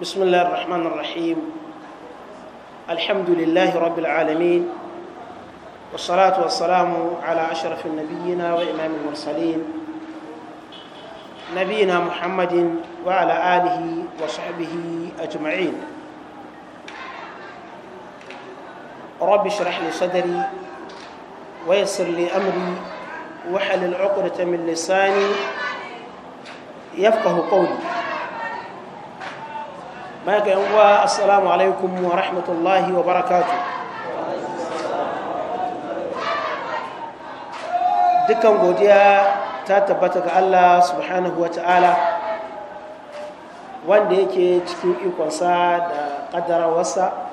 بسم الله الرحمن الرحيم الحمد لله رب العالمين والصلاة والسلام على أشرف النبيين وإمام المرسلين نبينا محمد وعلى آله وصحبه أجمعين رب اشرح لي صدري ويسر لي أمري وحل العقدة من لساني يفقه قولي baya ga yan uwa assalamu alaikum wa rahmatullahi wa barakatu dukan godiya ta tabbata ga Allah subhanahu wa ta'ala wanda yake cikin ikonsa da kaddarawarsa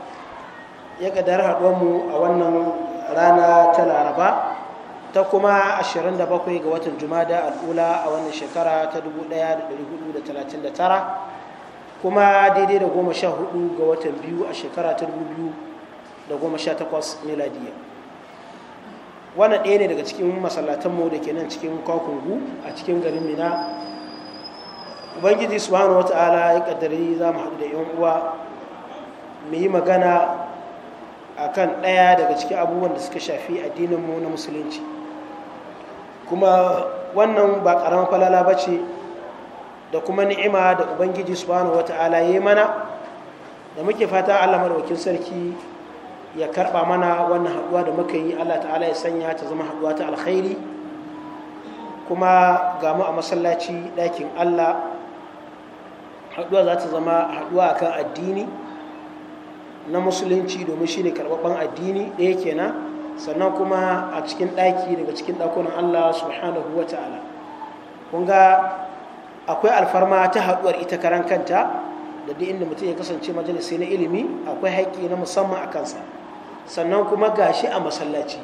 ya kadar haɗuwanmu a wannan rana ta laraba ta kuma 27 ga watan jumada al'ula a wannan shekara ta 1439 kuma daidai da goma sha hudu ga watan biyu a shekara ta dubu biyu da goma sha takwas miladiya wannan ɗaya ne daga cikin masallatanmu da ke nan cikin kwakungu a cikin garin mina ubangiji subhanahu wa ta'ala ya kaddari za mu haɗu da yan uwa mu yi magana a kan ɗaya daga cikin abubuwan da suka shafi addininmu na musulunci kuma wannan ba ƙaramin falala ba ce da kuma ni'ima da ubangiji subhanahu wata'ala ya yi mana da muke fata allah madaukakin sarki ya karba mana wannan haduwa da muka yi allah ta'ala ya sanya ta zama haduwa ta alkhairi kuma ga mu a masallaci ɗakin allah haduwa za ta zama haduwa kan addini na musulunci domin shi ne karɓaɓɓen addini ɗaya kenan sannan kuma a cikin ɗaki daga cikin ɗakunan allah subhanahu wata'ala kun ga akwai alfarma ta haɗuwar ita karan kanta da duk inda mutum ya kasance majalisai na ilimi akwai haƙƙi na musamman a kansa sannan kuma gashi a masallaci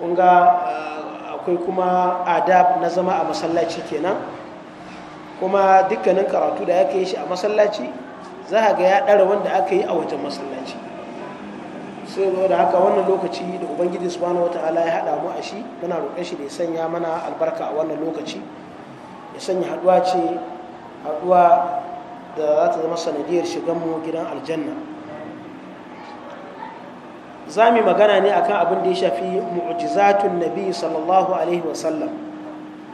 kunga eh, akwai kuma adab na zama a masallaci kenan kuma dukkanin karatu da aka yi shi a masallaci za a ga ya ɗara wanda aka yi a wajen masallaci sai zo da haka wannan lokaci da ubangiji subhanahu ta'ala ya haɗa mu a shi muna roƙe shi da ya sanya mana albarka a wannan lokaci ya sanya haduwa ce haduwa da za ta zama sanadiyar shiganmu gidan aljanna za mu magana ne akan abin da ya shafi mu'jizatun nabi sallallahu alaihi wasallam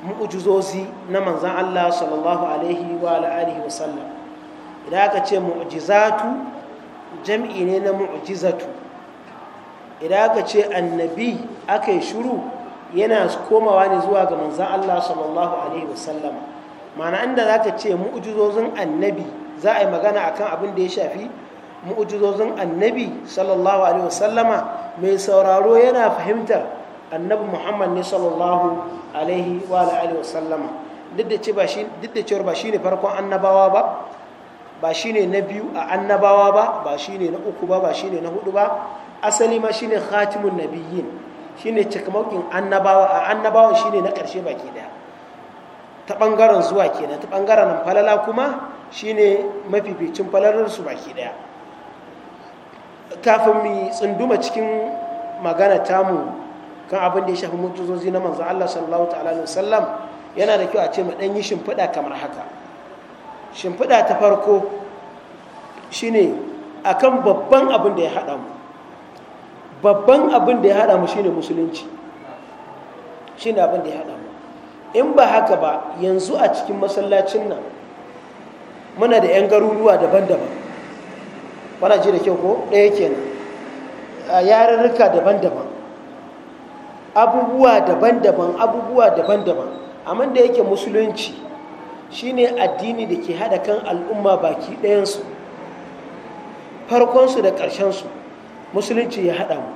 mu'ujizozi na manzan Allah sallallahu alaihi wa alihi wasallam idan aka ce mu'jizatu jam'i ne na mu'jizatu idan aka ce annabi aka yi shuru yana komawa ne zuwa ga manzan Allah sallallahu alaihi wasallam mana inda za ka ce mu'ujizozin annabi za a yi magana akan abin da ya shafi mu'ujizozin annabi sallallahu alaihi wasallama mai sauraro yana fahimtar annabi muhammad ne sallallahu alaihi wa alihi wasallama duk da cewar ba shi ne farkon annabawa ba ba shi ne na biyu a annabawa ba ba shi ne na uku ba ba shi ne na hudu ba asali ma shi ne khatimun nabiyyin shine annabawa a annabawan shine na ƙarshe baki daya ta ɓangaren zuwa kenan ta ɓangaren falala kuma shine mafificin su baki daya kafin mu tsunduma cikin magana tamu kan abin da ya shafi mutuzozi na manzan Allah sallallahu ta'ala alaihi wasallam yana da kyau a ce mu dan yi shimfiɗa kamar haka shimfiɗa ta farko shine akan babban abin da ya haɗa mu babban abin da ya haɗa mu shine musulunci shine abin da ya haɗa mu in ba haka ba yanzu a cikin masallacin nan muna da 'yan garuruwa daban-daban wana ji da kyau ko ɗaya kenan a yarurruka daban-daban abubuwa daban-daban abubuwa daban-daban amma da yake musulunci shine addini da ke haɗa kan al'umma baki ɗayansu farkonsu da ƙarshensu musulunci ya haɗa mu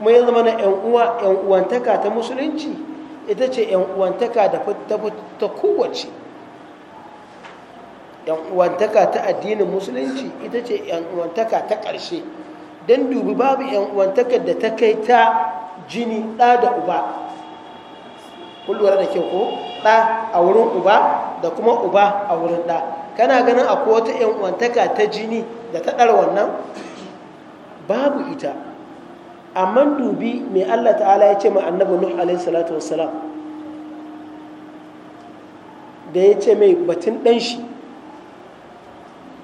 kuma ya zama na ‘yan uwantaka ta musulunci ita ce ‘yan uwantaka da ta kowace ‘yan uwantaka ta addinin musulunci ita ce ‘yan uwantaka ta ƙarshe don dubi babu ‘yan uwantaka da ta kai ta jini ɗa da uba kullum da ke ko ɗa a wurin uba da kuma uba a wurin ɗa kana ganin akwai wata ‘yan uwantaka ta jini da ta ɗar wannan babu ita amma dubi mai Allah ta'ala ya ce ma annabi Nuh alaihi salatu wassalam da ya ce mai batun ɗan shi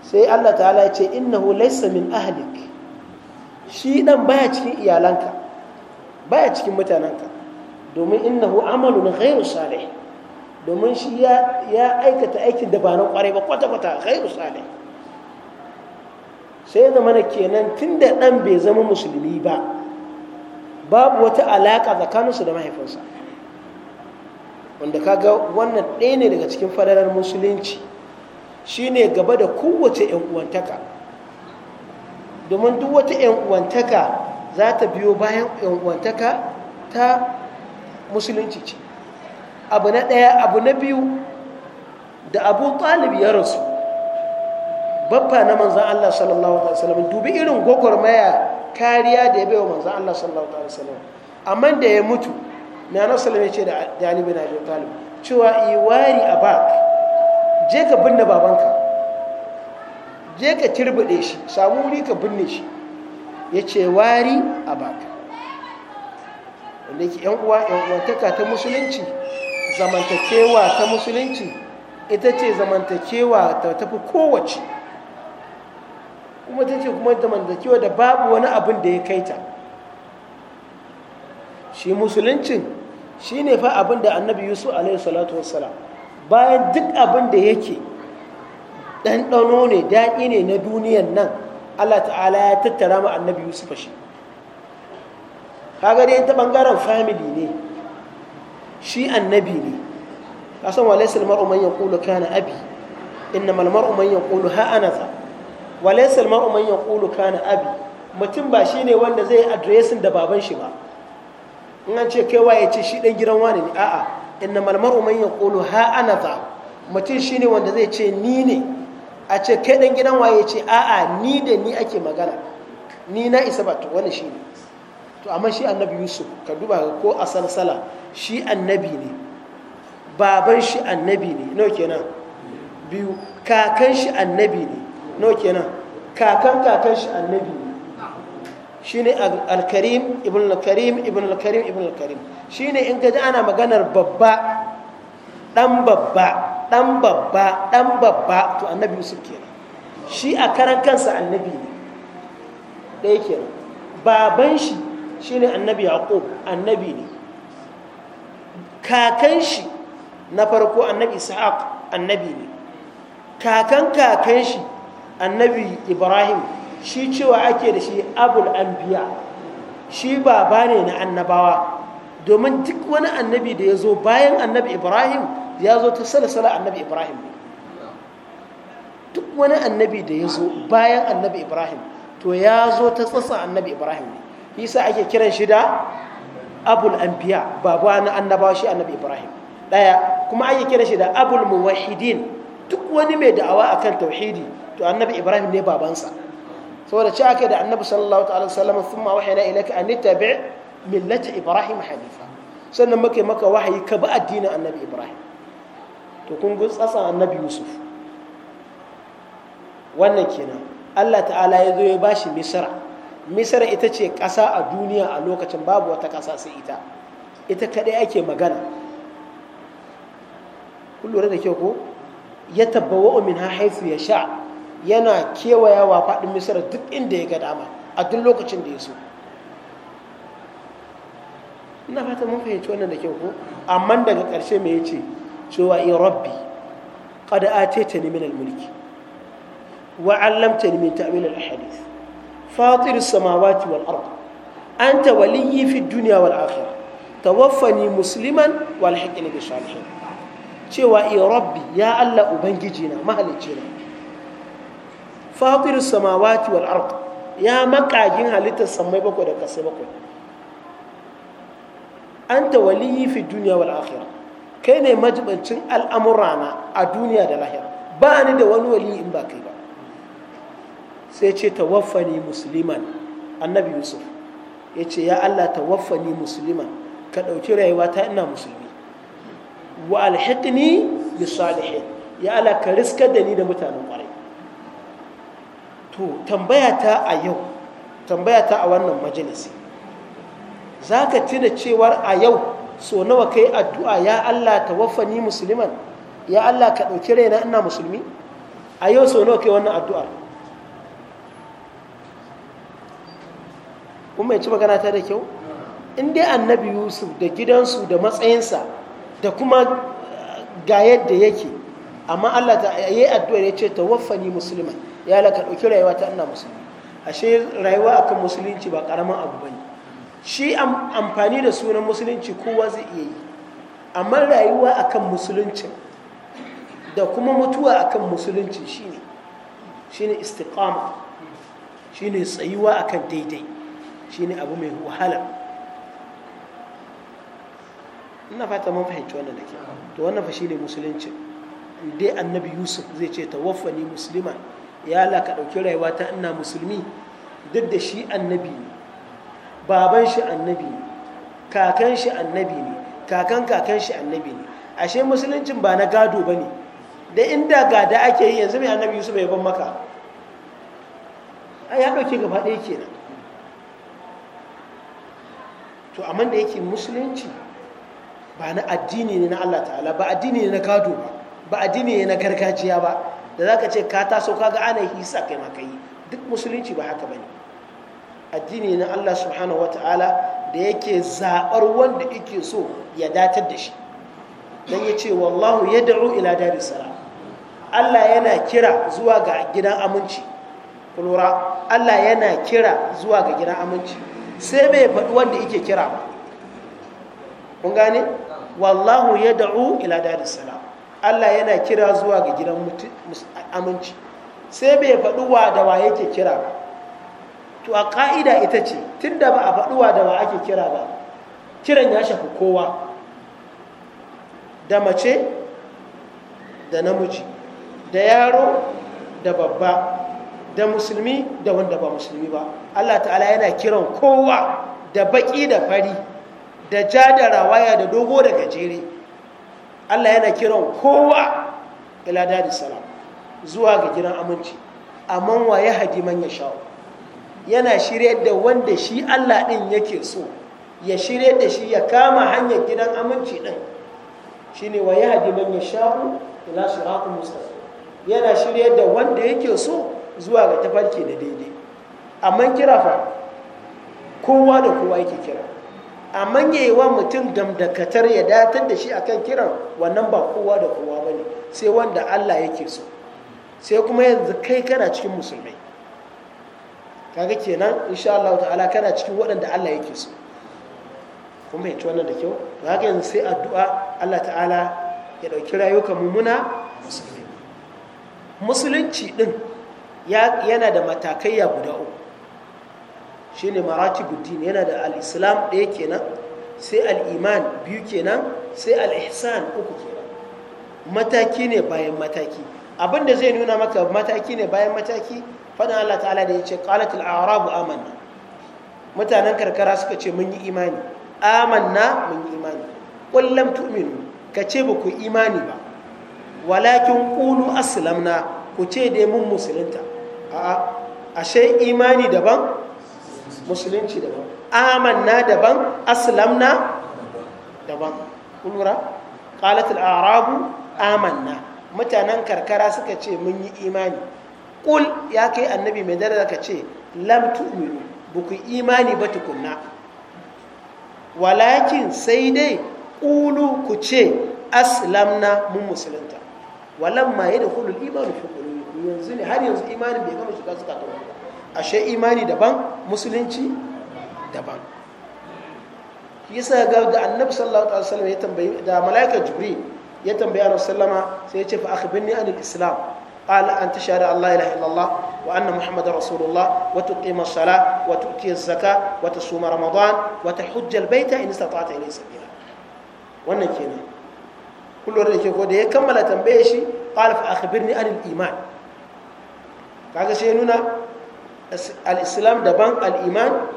sai Allah ta'ala ya ce innahu laysa min ahlik shi ɗan baya cikin iyalanka baya cikin mutanenka domin innahu amalun ghairu salih domin shi ya aikata aikin da ba na kwarai ba kwata-kwata ghairu salih sai da mana kenan tun da ɗan bai zama musulmi ba babu wata alaƙa tsakaninsu da mahaifinsa wanda ga wannan ɗaya ne daga cikin fadarar musulunci shine gaba da kowace 'yan uwantaka domin duk wata 'yan uwantaka za ta biyo bayan 'yan uwantaka ta musulunci ce abu na ɗaya abu na biyu da abu ɗalib ya rasu Babba na manzan Allah sallallahu alaihi wasallam dubi irin gwagwarmaya kariya da ya wa manzan Allah sallallahu alaihi wasallam amma da ya mutu na nan salama ce da Ali bin Abi Talib cewa iwari a bak je ka binne babanka je ka turbide shi samu wuri ka binne shi ya ce wari a bak wanda yake yan uwa yan uwantaka ta musulunci zamantakewa ta musulunci ita ce zamantakewa ta tafi kowace kuma ta ce kuma zamantakewa da babu wani abin da ya kai ta shi musuluncin shi ne fa abin da annabi yusuf alaihi salatu bayan duk abin da yake ɗanɗano ne daɗi ne na duniyan nan allah ta'ala ya tattara ma annabi yusuf shi dai ta ɓangaren famili ne shi annabi ne kasan wa laisa almar'u man yaqulu kana abi innamal mar'u man yaqulu ha anata walaisal ma'u man Kulu kana abi mutum ba shi ne wanda zai adresin da baban shi ba in an ce kai waye ce shi ɗan gidan wani ne a'a malmar mar'u man Kulu ha ana za mutum shi ne wanda zai ce ni ne a ce kai ɗan gidan waye ce a'a ni da ni ake magana ni na isa ba to shi ne, to amma shi annabi yusuf ka duba ko a salsala shi annabi ne baban shi annabi ne nawa kenan biyu kakan shi annabi ne nawa kenan kakan kakan shi annabi shi ne alkarim ibn alkarim ibn alkarim ibn al-karim shine in gaji ana maganar babba dan babba dan babba dan babba to annabi yusuf kenan shi a karan kansa annabi ne ɗaya kenan baban shi shi ne annabi yaqub annabi ne kakan shi na farko annabi ishaq annabi ne kakan kakan shi annabi ibrahim shi cewa ake da shi abul anbiya shi baba ne na annabawa domin duk wani annabi da ya zo bayan annabi ibrahim ya zo ta salasala annabi ibrahim ne duk wani annabi da ya zo bayan annabi ibrahim to ya zo ta tsatsa annabi ibrahim ne ake kiran shi da abul anbiya baba na annabawa shi annabi ibrahim daya kuma ake kiran shi da abul muwahidin duk wani mai da'awa akan tauhidi to annabi ibrahim ne babansa saboda ci ake da annabi sallallahu ta'ala sallama sun ma wahayana ilaka an tabi millata ibrahim hanifa sannan muke maka wahayi ka bi addinin annabi ibrahim to kun gun tsatsan annabi yusuf wannan kenan allah ta'ala ya zo ya Misira. misra misra ita ce ƙasa a duniya a lokacin babu wata ƙasa sai ita ita kaɗai ake magana kun da kyau ko ya tabbawa min ha haifu ya sha yana kewayawa faɗin misira duk inda ya ga dama a duk lokacin da ya so ina fata mun fahimci wannan da kyau ko amma daga ƙarshe me yace cewa in rabbi a ataytani ta al-mulki wa 'allamtani min ta'wil al-ahadith fatir samawati wal ard anta waliyyi fi dunya wal akhirah tawaffani musliman wal hiqni bi salihin cewa in rabbi ya Allah ubangiji na mahalicci na fatir samawati wal ard ya makagin halittar samai bakwai da kasai bakwai anta waliyi fi duniya wal akhirah kai ne majibancin al'amurana a duniya da lahira ba ni da wani waliyi in ba kai ba sai ce tawaffani musliman annabi yusuf ya ce ya allah tawaffani musliman ka ɗauki rayuwa ta ina musulmi wa alhiqni bi salihin ya allah ka riskar da ni da mutanen ƙwarai to tambaya ta a yau tambaya ta a wannan majalisi za ka tuna cewar a yau so nawa kai addu'a ya Allah ta ni musulman ya Allah ka ɗauki raina ina musulmi a yau so nawa kai wannan addu'ar kuma ya ci magana ta da kyau in dai annabi yusuf da gidansu da matsayinsa da kuma eh, ga yadda yake amma Allah ta yi addu'ar ya ce ta ni musulman ya la ka ɗauki rayuwa ta ina musulmi ashe rayuwa akan musulunci ba karamin abu ba ne shi amfani da sunan musulunci kowa zai iya yi amma rayuwa akan musulunci da kuma mutuwa akan musulunci shine shine istiqama shine tsayuwa akan daidai shine abu mai wahala ina fata mun fahimci wannan da ke to wannan fa shine musulunci dai annabi yusuf zai ce tawaffani musliman ya Allah ka ɗauki rayuwa ta ina musulmi duk da shi annabi ne baban shi annabi ne kakan shi annabi ne kakan kakan shi annabi ne ashe musuluncin ba na gado ba ne da inda gada ake yi yanzu mai annabi yusuf bai ban maka ya ɗauke gaba ɗaya kenan to amma da yake musulunci ba na addini ne na allah ta'ala ba addini ne na gado ba ba addini ne na gargajiya ba da za ka ce ka taso kaga ana hisa kai ma yi duk musulunci ba haka ba ne addini na allah subhanahu wataala da yake zaɓar wanda yake so ya datar da shi don ya ce wallahu ya da'u ila darin salam allah yana kira zuwa ga gidan aminci kulura allah yana kira zuwa ga gidan aminci sai bai faɗi wanda yake kira ba kun gane wallahu ya da'u ila darin salam Allah yana kira zuwa ga gidan aminci sai bai faɗi wa da wa yake kira ba to a ƙa'ida ita ce tunda ba a faɗi wa da wa ake kira ba kiran ya shafi kowa da mace da namiji da yaro da babba da musulmi da wanda ba musulmi ba Allah ta'ala yana kiran kowa da baƙi da fari da ja da rawaya da dogo da gajere Allah yana kiran kowa ila dadi salam zuwa ga gidan aminci amma wa ya haji man ya sha'u yana shirye da wanda shi Allah din yake so ya shirye da shi ya kama hanyar gidan aminci din shine wa ya haji man ya sha'u ila siratul mustaqim yana shirye da wanda yake so zuwa ga tafarki da daidai amma kira fa kowa da kowa yake kira A manyewa mutum damdakatar ya datar da shi akan kiran wannan ba kowa da kowa ba ne sai wanda allah yake so sai kuma yanzu kai kana cikin musulmai kaga kenan insha Allah ta'ala kana cikin waɗanda Allah yake so kuma ya ci wannan da kyau haka yanzu sai addu'a Allah ta'ala ya ɗauki rayuka mummuna musulmi musulunci ɗin yana da matakaiya guda uku shine maratibuddin yana da al-islam ɗaya kenan sai al-iman biyu kenan sai al-ihsan uku kenan mataki ne bayan mataki abin da zai nuna maka mataki ne bayan mataki fadin Allah ta'ala da ya ce qalat al-a'rabu amanna mutanen karkara suka ce mun yi imani amanna mun yi imani qul lam tu'minu ka ce ba ku imani ba walakin qulu aslamna ku ce dai mun musulunta a'a ashe imani daban musulunci daban amanna daban aslamna daban kun qalatul arabu amanna mutanen karkara suka ce mun yi imani kul ya kai annabi mai dare ka ce lam tu'minu buku ku imani ba tukunna walakin sai dai ƙulu ku ce aslamna mun musulunta walamma yadkhulul imanu fi qulubikum yanzu ne har yanzu imanin bai gama shiga suka ba ashe imani daban musulunci daban yasa ga da annabi sallallahu alaihi wasallam ya tambayi da malaika jibril ya tambayi annabi sallama sai ya ce fa akhbirni anil islam qala an tashhadu an la ilaha illallah wa anna muhammadar rasulullah wa tuqima as Sala, wa tu'ti az-zakah wa tasuma ramadan wa tahujja al-bayta in istata'ta ilayhi sabila wannan kenan kullum da ke ko da ya kammala tambaye shi qala fa akhbirni anil iman kaga sai nuna al-islam daban al'iman,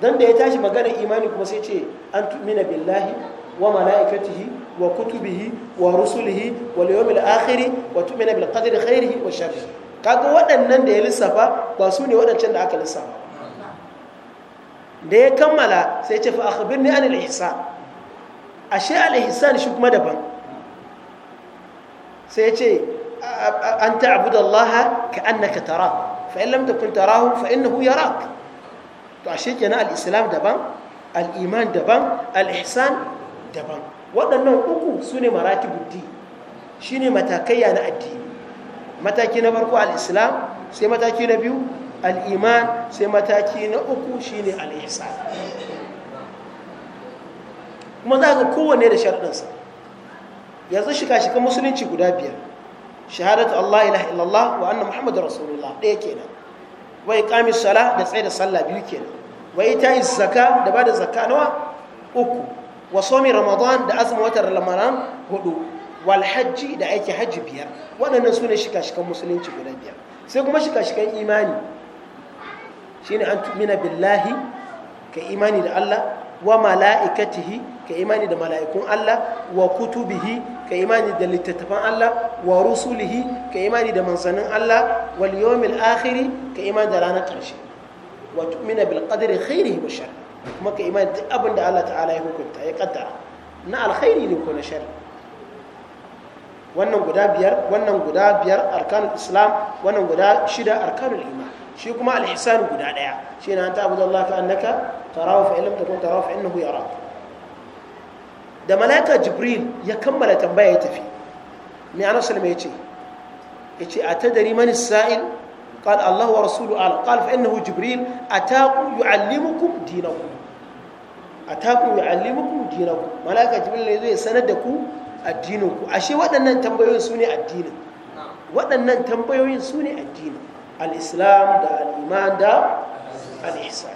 don dan da ya tashi maganar imani kuma sai ce an tu'mina billahi wa malaikatihi wa kutubihi wa rusulihi wa yawmil akhir wa tu'mina bil qadri khairihi wa sharrihi kaga waɗannan da ya lissafa ba su ne waɗancan da aka lissafa da ya kammala sai ce fa akhbirni anil ihsan ashe al ihsan shi kuma daban sai ce an ta'budallaha ka annaka tara Fa'in in lam takun tarahu fa innahu yarak to ashe kenan al-islam daban al-iman daban al-ihsan daban waɗannan uku sune Shi shine matakaiya na addini mataki na farko al-islam sai mataki na biyu Al'iman sai mataki na uku shi ne ihsan kuma za ga kowanne da sharɗinsa yanzu shiga shiga musulunci guda biyar shahadatu Allah ilaha illallah wa anna muhammadu rasulullah ɗaya kenan wa iqamis sala da tsaye da sallah biyu kenan wa ita'i zakka da bada zakka nawa uku wa somi ramadan da azumin watan ramadan hudu wal hajji da aiki hajji biyar waɗannan sune shika-shikan musulunci guda biyar sai kuma shika-shikan imani shine an tumina billahi ka imani da Allah wa mala'ikatihi ka imani da mala'ikun Allah wa kutubihi ka imani da littattafan Allah wa rusulihi ka imani da manzannin Allah wal yawmil akhiri ka imani da ranar ƙarshe wa tu'mina bil qadri khairihi wa sharri kuma ka imani duk abin da Allah ta'ala ya hukunta ya kaddara na alkhairi ne ko na sharri wannan guda biyar wannan guda biyar arkanul islam wannan guda shida arkanul iman shi kuma al-ihsan guda ɗaya. shine an ta'budu Allah ka annaka tarahu fa illam takun tarahu fa innahu da Malaka jibril ya kammala tambaya ya tafi me annabi sallallahu alaihi wasallam yace yace atadari man sa'il قال الله ورسوله قال قال فإنه جبريل أتاكم يعلمكم دينكم أتاكم يعلمكم دينكم ملائكة جبريل يزوي سندكم addininku ashe waɗannan tambayoyin su ne addinin waɗannan tambayoyin su ne addinin al-islam da al-iman da al-ihsan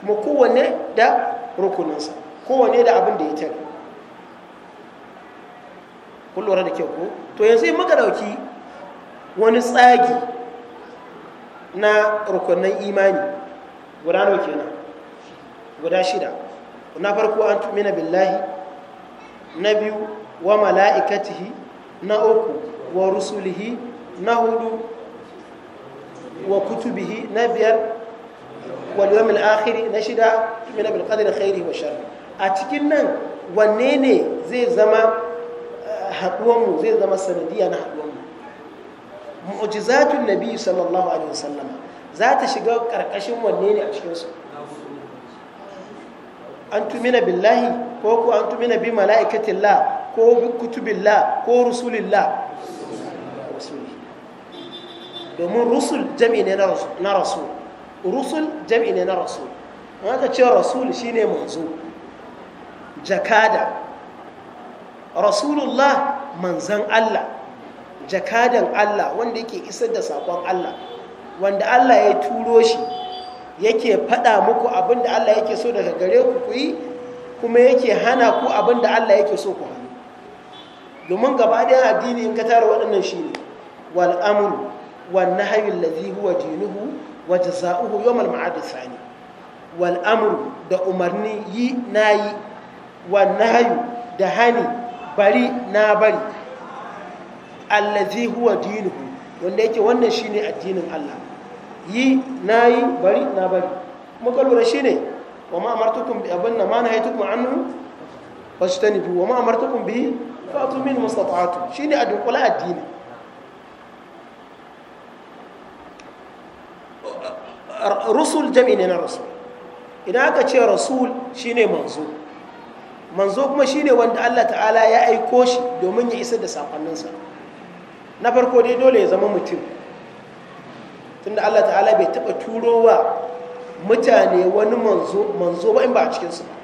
kuma kowanne da rukuninsa da abin da ya tare kun da kyau ko to yanzu in muka dauki wani tsagi na rukunin imani guda nawa kenan guda shida na farko an tumina billahi na biyu wa mala'ikatihi na uku wa rusulihi na hudu wa kutubihi na biyar wal yawmil akhir na shida tumina bil qadri khairi wa sharri a cikin nan wanne ne zai zama eh, mu, zai zama sanadiyya na haɗuwanmu mu'jizatun nabi sallallahu alaihi wasallam za ta shiga ƙarƙashin wanne ne a cikinsu an tumina billahi ko ko an tumina bi mala'ikatillah ko bi kutubillah ko rasulillah domin rusul jami ne na rasul rusul jami ne na rasul wanda ce rasul shine manzo jakada rasulullah manzan Allah jakadan Allah wanda yake isar da sakon Allah wanda Allah ya turo shi yake faɗa muku abinda Allah yake so daga gare ku ku yi kuma yake hana ku abinda Allah yake so ku hannu domin gaba ɗaya addini in ka tara waɗannan shi ne wal'amuru والنهي الذي هو دينه وجزاؤه يوم المعاد الثاني والأمر ده أمرني يي ناي والنهي ده هني بري الذي هو دينه wanda yake wannan shine addinin Allah yi yi bari na bari muka lura shine wa ma amartukum bi abin ma nahaytukum anhu fastanibu wa ma amartukum bi fa'tu min mustata'atu shine addu'a addini rusul jam'i ne na rasul idan aka ce rasul shine manzo manzo kuma shine wanda Allah ta'ala ya aiko shi domin ya isa da sakonninsa na farko dai dole ya zama mutum tunda Allah ta'ala bai taɓa turo wa mutane wani manzo manzo ba in ba a cikinsu ba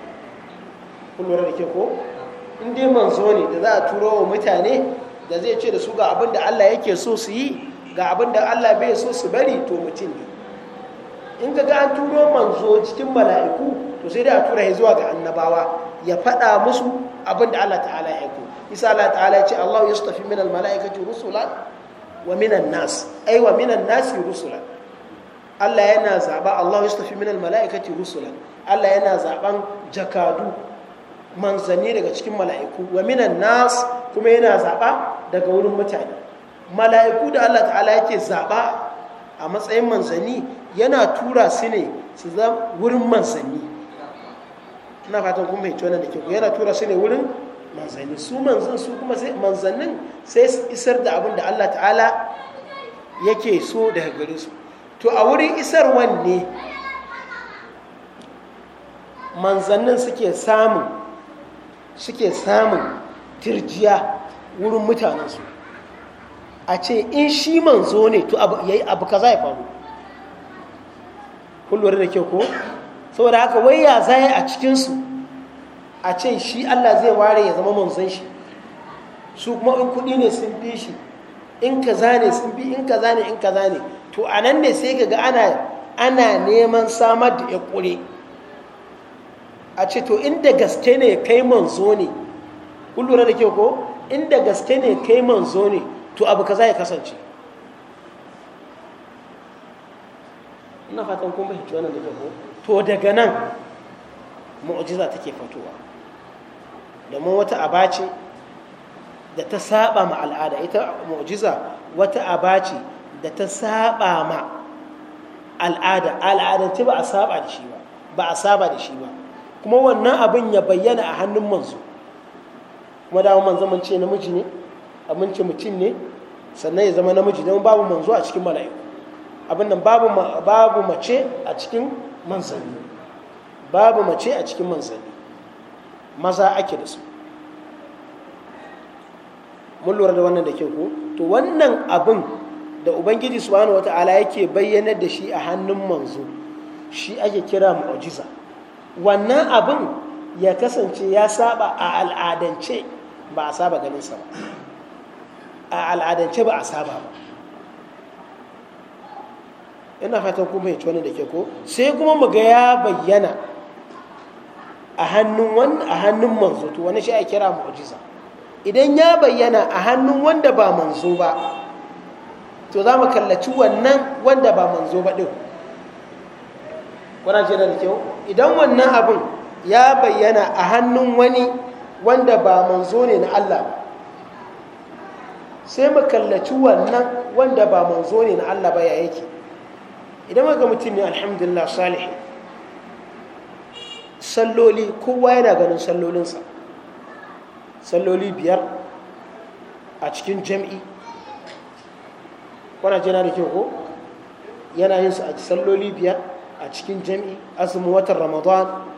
kun da ke ko in dai manzo ne da za a turo wa mutane da zai ce da su ga abin da Allah yake so su yi ga abin da Allah bai so su bari to mutum ne in ka ga an turo manzo cikin mala'iku to sai dai a tura ya zuwa ga annabawa ya faɗa musu abin da Allah ta'ala ya ku isa Allah ta'ala ya ce Allah ya stafi min al-mala'ikati rusula wa minan nas ai wa minan nasi rusula. Allah yana zaba Allah ya stafi min al-mala'ikati rusula Allah yana zaban jakadu manzanni daga cikin mala'iku wa minan nas kuma yana zaba daga wurin mutane mala'iku da Allah ta'ala yake zaba a matsayin manzanni yana tura su ne su za wurin manzanni na fatan kuma mai tona da kyau yana tura su ne wurin manzanni su manzan su kuma sai manzannin sai isar da abin da Allah ta'ala yake so daga gare su to a wurin isar wanne manzannin suke samun suke samun tirjiya wurin mutanensu a ce in shi manzo ne to yayi abu kaza ya faru kun da kyau ko saboda haka wai ya zai a cikinsu a ce shi Allah zai ware ya zama manzon shi su kuma in kudi ne sun bi shi in kaza ne sun bi in kaza ne in kaza ne to a nan ne sai kaga ana ana neman samar da ya a ce to inda gaske ne kai manzo ne kun da kyau ko inda gaske ne kai manzo ne to abu kaza ya kasance ina fatan kun fahimci wannan da ko to daga nan mu'jiza take fatowa. domin wata abaci da ta saba ma al'ada ita mu'jiza wata abaci da ta saba ma al'ada al'adance ba a saba da shi ba ba a saba da shi ba kuma wannan abin ya bayyana a hannun manzo kuma dawo manzo mun ce namiji ne aminci mutum ne sannan ya zama namiji don babu manzo a cikin mala'iku abin nan babu mace a cikin manzanni babu mace a cikin manzanni maza ake da su mun lura da wannan da ke ku? to wannan abin da ubangiji subhanahu wata'ala yake bayyanar da shi a hannun manzo shi ake kira mu'jiza wannan abin ya kasance ya saba a al'adance ba a saba ganin sa ba a al'adance ba a saba ba ina fatan kuma ya wani da ke ko sai kuma mu ga ya bayyana a hannun wani a hannun manzo to wani shi a kira mu'jiza idan ya bayyana a hannun wanda ba manzo ba to za mu kallaci wannan wanda ba manzo ba din kuna ce da kyau idan wannan abin ya bayyana a hannun wani wanda ba manzo ne na Allah ba sai mu kallaci wannan wanda ba manzo ne na Allah ba ya yake idan ga mutum ne alhamdulillah salihi salloli kowa yana ganin sallolinsa salloli biyar a cikin jam'i kwana jana da kyau ko yana yin su a salloli biyar a cikin jam'i azumin watan ramadan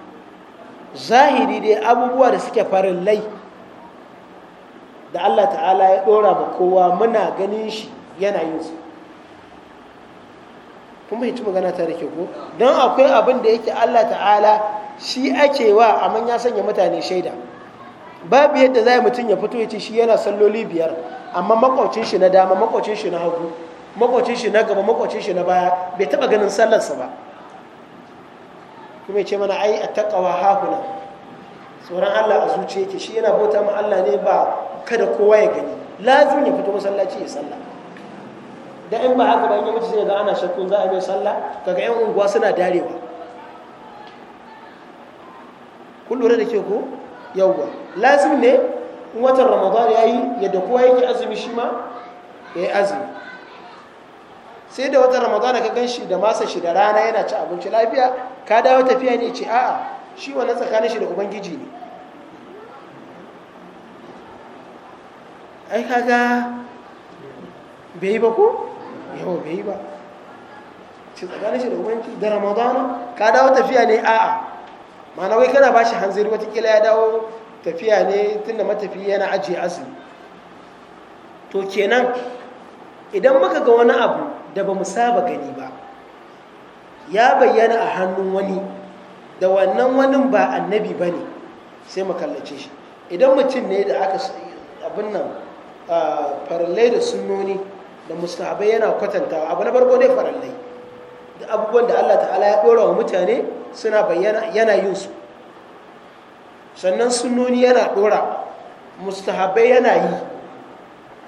zahiri dai abubuwa da suke farin lai da Allah ta'ala ya ɗora ba kowa muna ganin shi yana yin su kun bai ci magana ta da ke ko don akwai abin da yake Allah ta'ala shi ake wa amma ya sanya mutane shaida babu yadda za mutum ya fito ya shi yana salloli biyar amma makwacin shi na dama makwacin shi na hagu makwacin shi na gaba makwacin shi na baya bai taba ganin sallarsa ba kuma ya ce mana ai a takawa hahuna tsoron Allah a zuciya yake shi yana bauta ma Allah ne ba kada kowa ya gani lazim ya fito masallaci ya salla, da in ba haka ba in mutu sai ga ana shakkun za a mai salla, kaga yan unguwa suna darewa kun lura da ke ko yawwa lazim ne in watan ramadan ya yi yadda kowa yake azumi shi ma ya yi azumi sai da watan ramadan ka gan shi da masa shi da rana yana ci abinci lafiya ka dawo tafiya ne ce a'a shi wannan tsakanin shi da ubangiji ne ai kaga bai ba ko yawa bai ba ce tsakanin shi da ubanci da ramadana ka dawo tafiya ne a'a ma'ana wai kana ba shi hanzari watakila ya dawo tafiya ne tun da matafi yana ajiye asali to kenan idan muka ga wani abu da ba mu saba gani ba ya bayyana a hannun wani da wannan wani ba annabi ba ne sai mu kallace shi idan mutum ne da aka abin nan farallai da sunnoni da mustahabai yana kwatantawa abu na farko ne farallai da abubuwan da Allah ta'ala ya ɗora wa mutane suna bayyana yana yin su sannan sunnoni yana ɗora mustahabai yana yi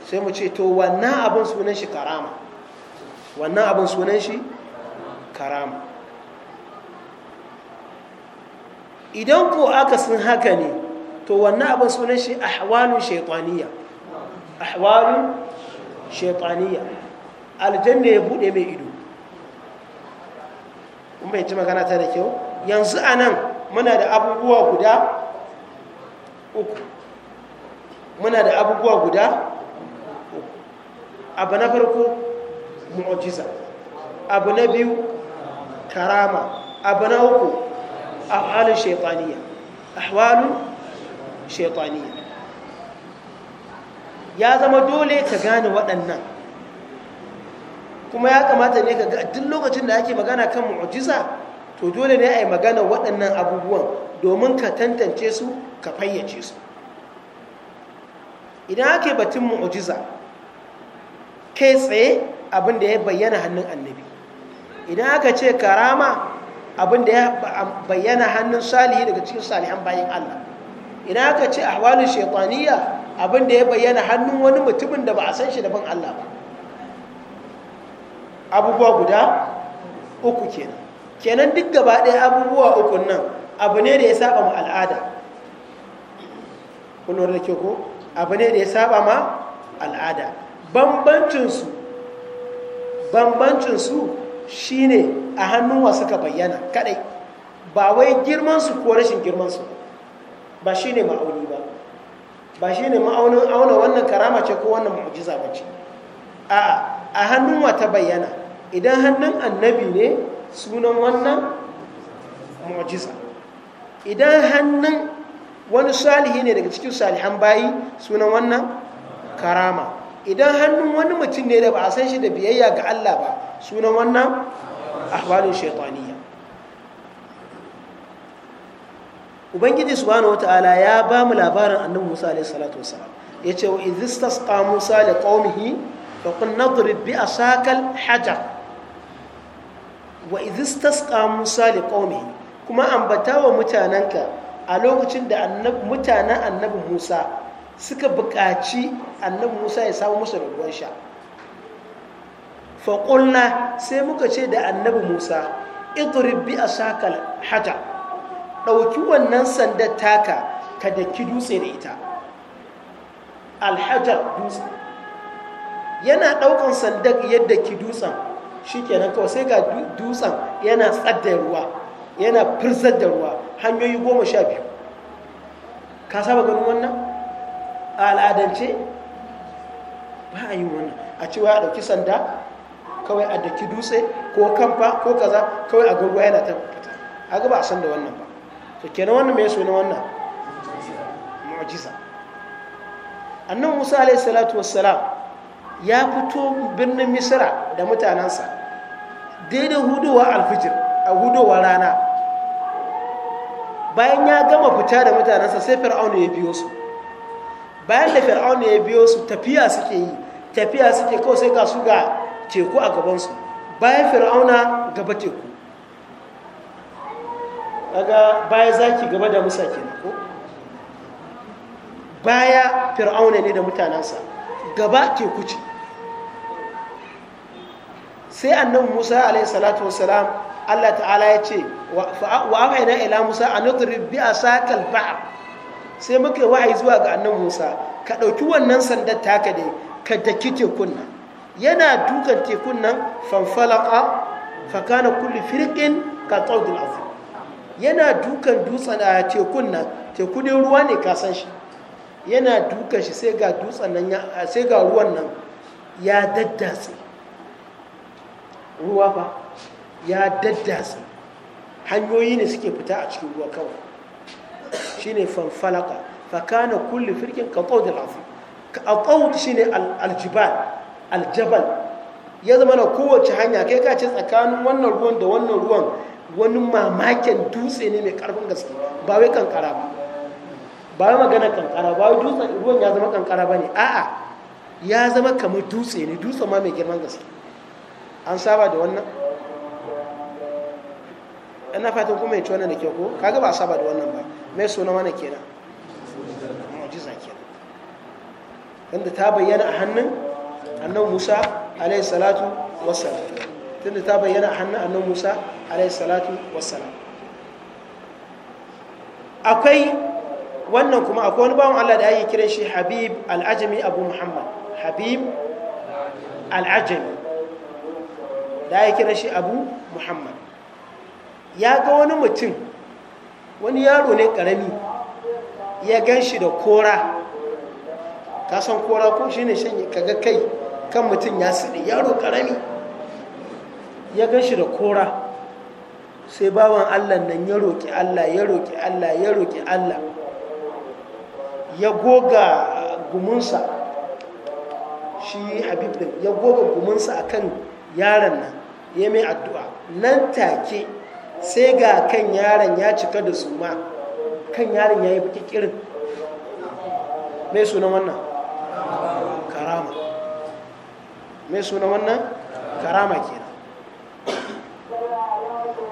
sai mu ce to wannan abin sunan shi karama wannan abin sunan shi karama idan ko aka sun haka ne to wannan abin sunan shi ahwalun shaytaniya ahwalun shaitaniya aljanna ya bude mai ido kuma bai ci magana ta da kyau yanzu anan muna da abubuwa guda uku muna da abubuwa guda uku abu na farko mu'ajiza abu na biyu karama abu na uku ahwalun shaitaniya ahwalun shaitaniya ya zama dole ka gane waɗannan kuma ya kamata ne ka duk lokacin da ake magana kan mu'ujiza to dole ne a yi magana waɗannan abubuwan domin ka tantance su ka fayyace su idan ake batun mu'ujiza kai tsaye abin da ya bayyana hannun annabi idan aka ce karama abin da ya bayyana hannun salihi daga cikin salihan bayan allah idan aka ce ahwalin shekwaniya abin da ya bayyana hannun wani mutumin da ba a san shi da ban Allah ba abubuwa guda uku kenan kenan duk gaba ɗaya abubuwa uku nan abu ne da ya saba ma al'ada kullum da ke ko abu ne da ya saba ma al'ada bambancinsu bambancinsu shine a hannun wasu ka bayyana kadai ba wai girmansu ko rashin girmansu ba shine ma'auni ba ba shi ne ma'aunin auna wannan karama ce ko wannan mu'jiza ba ce a'a a hannun wata bayyana idan hannun annabi ne sunan wannan mu'jiza idan hannun wani salihi ne daga cikin salihan bayi sunan wannan karama idan hannun wani mutum ne da ba a san shi da biyayya ga Allah ba sunan wannan ahwalin shaytaniyya ubangiji subhanahu wataala ya ba mu labarin annabi musa alaihi salatu wasalam ya ce wa idhistasqa musa li qaumihi fa qul nadrib bi asakal hajar wa idhistasqa musa li qaumihi kuma bata wa mutananka a lokacin da mutanen annabi musa suka buƙaci annabi musa ya samu musu ruwan sha faƙulla sai muka ce da annabi musa idrib bi asakal hajar ɗauki wannan sandar taka ka daki dutse da ita alhajar dutse yana ɗaukan sandar yadda ki dutsen shi kenan kawai sai ga dutsen yana tsadda ruwa yana firzar da ruwa hanyoyi goma sha biyu ka saba ganin wannan a al'adance ba a yi wannan a cewa a ɗauki sanda kawai a daki dutse ko kamfa ko kaza kawai a gurguwa yana ta fita a gaba a san da wannan ba to kenan wannan mai suna wannan mu'jiza annabi Musa alaihi salatu wassalam ya fito birnin Misra da mutanensa daidai hudowa alfijir a hudowa rana bayan ya gama fita da mutanensa sai fir'auna ya biyo su bayan da fir'auna ya biyo su tafiya suke yi tafiya suke kawai sai ga su ga teku a gabansu bayan fir'auna gaba teku kaga baya zaki gaba da musa kenan ko baya fir'auna ne da mutanansa. gaba ke kuci sai annabi musa alaihi salatu wassalam allah ta'ala ya ce wa ahaina ila musa a yudrib bi asakal ba'r sai muka wahayi zuwa ga annabi musa ka ɗauki wannan sandar taka dai ka daki tekun nan yana dukan tekun nan fanfalaka kana kulli firqin ka tawdil azim yana dukan dutsen a tekun nan teku ne ruwa ne kasan shi yana dukan shi sai ga dutsen nan sai ga ruwan nan ya daddatsi. ruwa ba ya daddatsi. hanyoyi ne suke fita a cikin ruwa kawai ne fanfalaka fakana kulli firkin kakau da lafi shi ne aljibal aljabal ya zama na kowace hanya kai ka ce tsakanin wannan ruwan da wannan ruwan wani mamakin dutse ne mai karfin gaske ba wai kankara ba ba wai magana kankara ba wai dutsen ruwan ya zama kankara ba ne a'a ya zama kamar dutse ne dutse ma mai girman gaske an saba da wannan ina fatan kuma ya ci wannan da ke ko kaga ba a saba da wannan ba mai suna wani kenan mu'jiza kenan wanda ta bayyana a hannun annabi Musa alaihi salatu wassalam tunda ta bayyana a hannun annabi Musa alaihi salatu wassalam akwai wannan kuma akwai wani bawan Allah da ake kiran shi Habib Al'ajami Abu Muhammad Habib Al'ajami ajami da ake kiran shi Abu Muhammad ya ga wani mutum wani yaro ne karami ya gan shi da kora ka san kora ko shi ne shanye kaga kai kan mutum ya siɗi yaro karami ya gan shi da kora sai bawan allah nan ya roƙi allah ya roƙi allah ya roƙi allah ya goga gumunsa shi habib din ya goga gumunsa akan yaron nan ya mai addu'a nan take sai ga kan yaron ya cika da suma kan yaron ya yi baki kirin mai suna wannan karama mai suna wannan karama kenan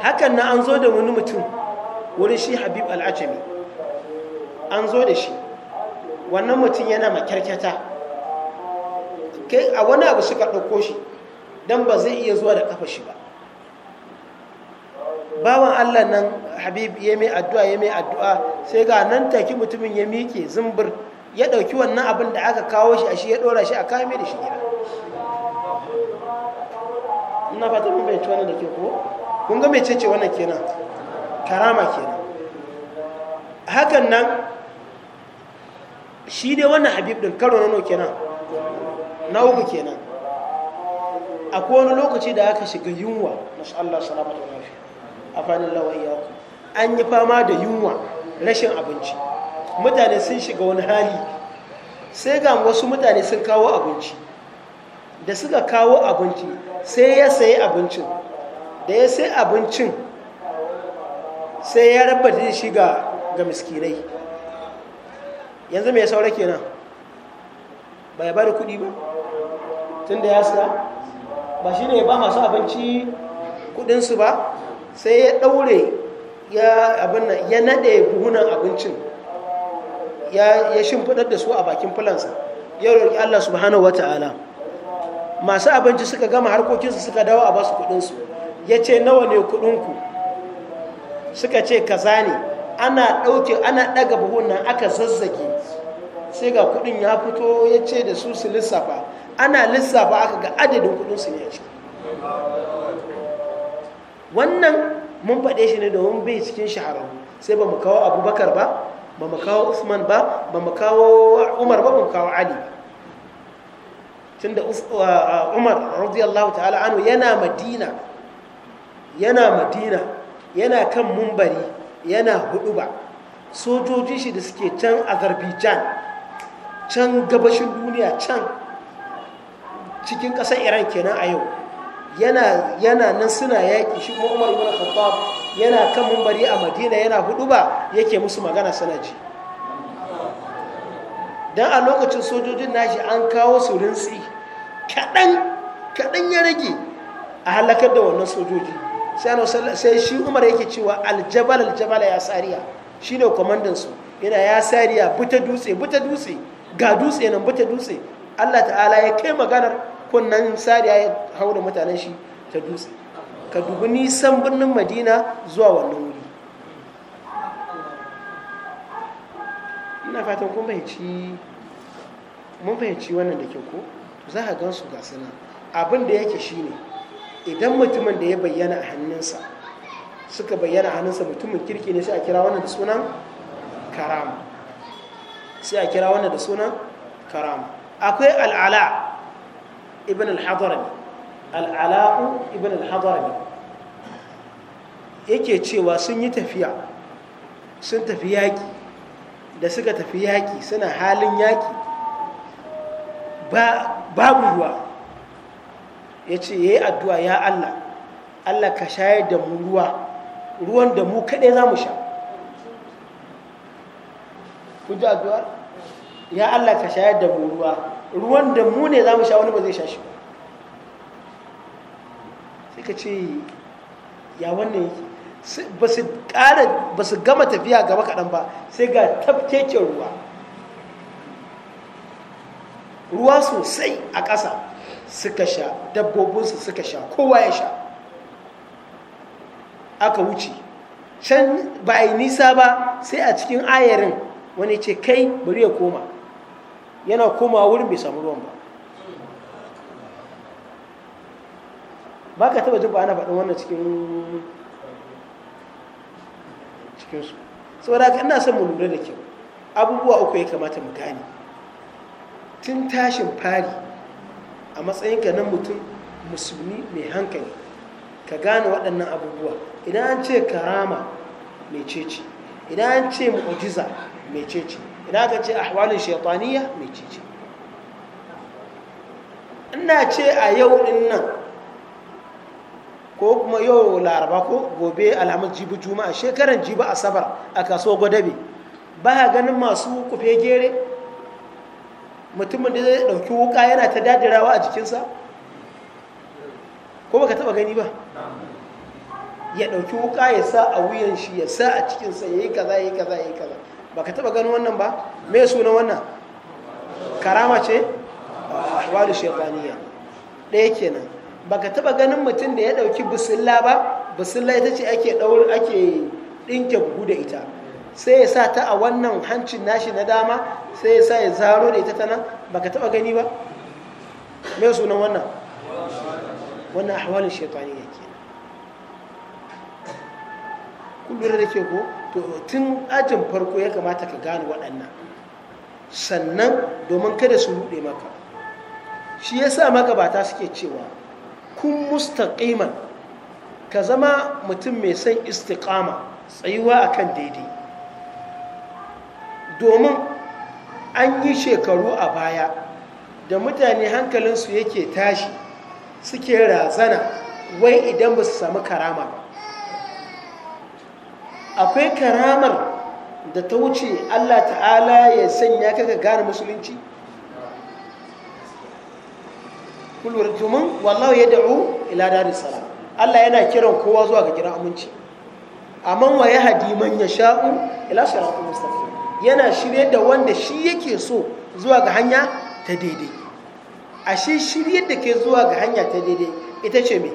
hakan na an zo da wani mutum wurin shi habib al'ajami an zo da shi wannan mutum yana makyarkyata kai a wani abu suka ɗauko shi don ba zai iya zuwa da ƙafa shi ba bawan allah nan habib ya mai addu'a ya mai addu'a sai ga nan take mutumin ya miƙe zumbir ya ɗauki wannan abin da aka kawo shi a shi ya ɗora shi a kame da shi gida ina fata mun bai ci da ke ko kun ga mai cece wannan kenan karama kenan hakan nan shi dai wannan habib din karo na kenan na uku kenan akwai wani lokaci da aka shiga yunwa masu Allah salamatu lafiya a fadin lawayi ku an yi fama da yunwa rashin abinci mutane sun shiga wani hali sai ga wasu mutane sun kawo abinci da suka kawo abinci sai ya sayi abincin da ya sai abincin sai ya rabata da shi ga miskinai yanzu mai saura kenan ba ya bada kudi ba tun da ya sa ba shi ne ba masu abinci kudinsu ba sai ya daure ya abinna ya nade buhunan abincin ya shimfidar da su a bakin filansa ya roƙi allah subhanahu wa ta'ala masu abinci suka gama harkokinsu suka dawo a basu kudinsu ya ce nawa ne kudinku suka ce kaza ne ana ɗauke ana ɗaga buhun nan aka zazzage sai ga kudin ya fito ya ce da su su lissafa ana lissafa aka ga adadin su ne ciki wannan mun faɗe shi ne domin bai cikin shahararru sai ba mu kawo abubakar ba ba mu kawo usman ba ba mu kawo umar ba ba mu kawo ali tunda uh, uh, umar radiyallahu ta'ala anu yana madina yana madina yana kan mumbari yana hudu ba sojoji shi da suke can azerbaijan can gabashin duniya can cikin ƙasar iran kenan a yau yana nan suna yaƙi shi kuma umar ibn khattab yana kan mumbari a madina yana hudu ba yake musu magana suna ji don a lokacin sojojin nashi an kawo su rintsi kaɗan ya rage a halakar da wannan sojoji sai shi umar yake cewa aljabal aljabal ya sariya shi ne su yana ya sariya buta dutse buta dutse ga dutse nan buta dutse Allah ta'ala ya kai maganar kunnan sariya ya hau da mutanen shi ta dutse ka dubi nisan birnin madina zuwa wannan wuri ina fatan kun fahimci mun fahimci wannan da kyau ko za ka gan su ga suna abin da yake shine ne idan mutumin da ya bayyana a hannunsa suka bayyana a hannunsa mutumin kirki ne sai a kira wannan da sunan karama sai a kira wannan da sunan karama akwai al'ala ibn al-hadarami al'ala'u ibn al-hadarami yake cewa sun yi tafiya sun tafi yaƙi da suka tafi yaƙi suna halin yaƙi babu ruwa ya ce ya yi addu'a ya Allah Allah ka shayar da mu ruwa ruwan da mu kaɗai za mu sha kun ji ya Allah ka shayar da mu ruwa ruwan da mu ne za mu sha wani ba zai sha shi ba sai ka ce ya wannan yake ba su ba su gama tafiya gaba kaɗan ba sai ga tafkeken ruwa ruwa sosai a ƙasa suka sha dabbobinsu suka sha kowa ya sha aka wuce can ba a yi nisa ba sai a cikin ayarin wani ce kai bari ya koma yana koma wurin bai samu ruwan ba ba ka taba jin ba ana faɗin wannan cikin cikinsu sau haka ina son mu lura da kyau abubuwa uku ya kamata mu gani tun tashin fari a matsayinka na mutum musulmi mai hankali ka gane waɗannan abubuwa idan an ce karama mai ceci idan an ce mu'ujiza mai ceci idan aka ce ahwalin shaitaniya mai ceci ina ce a yau ɗin nan ko kuma yau laraba ko gobe alhamis jibi juma'a shekaran jibi asabar a kasuwar gwadabe ba ganin masu kufe gere mutumin da zai ɗauki wuka yana ta dajirawa a jikinsa ko ba ka taba gani ba ya ɗauki wuka ya sa a wuyan shi ya sa a cikinsa ya yi kaza ya yi kaza ya yi kaza ka taba ganin wannan ba me suna wannan karama ce wani shekaniya ɗaya kenan ka taba ganin mutum da ya ɗauki busilla ba busilla ita ce ake ake ɗinke buhu da ita sai ya sa ta a wannan hancin nashi na dama sai ya sa ya zaro da ita tana ba ka taba gani ba me sunan wannan wannan ahwalin shaitani ya ke kullum da ke ko tun ajin farko ya kamata ka gane waɗannan sannan domin kada su rude maka shi ya sa magabata suke cewa kun mustaƙiman ka zama mutum mai son istiƙama tsayuwa akan daidai domin an yi shekaru a baya da mutane hankalinsu yake tashi suke razana wai idan ba su samu karama ba akwai karamar da ta wuce allah ta'ala ya sanya kaka gane musulunci kulwar domin wallahu ya da'u ila darin allah yana kiran kowa zuwa ga gidan aminci amma wa ya hadi man ya sha'u ila sharafu musulunci yana shirye da wanda shi yake so zuwa ga hanya ta daidai a shi shirye da ke zuwa ga hanya ta daidai ita ce mai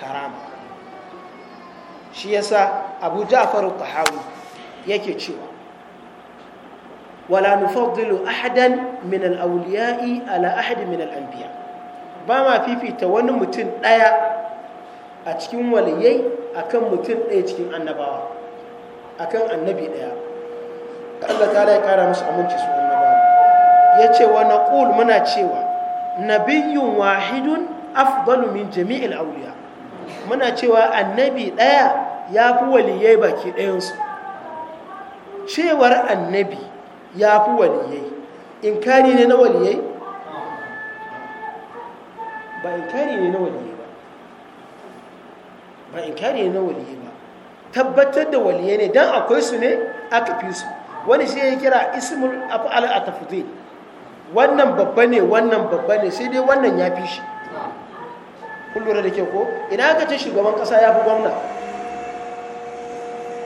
karama shi yasa abu ja'far tahawi yake cewa wala nufaddilu ahadan min al ala ahadin min al-anbiya ba ma fifita wani mutum daya a cikin waliyai akan mutum ɗaya cikin annabawa akan annabi ɗaya Allah ta ya kara musu aminci su ba ya ce wa naqul muna cewa nabiyun wahidun afdalu min jami'il auliya muna cewa annabi daya ya fi waliyai baki ɗayansu cewar annabi ya fi waliyai kari ne na waliyai ba kari ne na waliyai ba ba kari ne na waliyai ba tabbatar da waliyai ne don akwai su ne aka fi su wani shi ya kira ismul af'al a wannan babba ne wannan babba ne sai dai wannan ya fi shi kun da ke ko ina ka ce shugaban kasa ya fi gwamna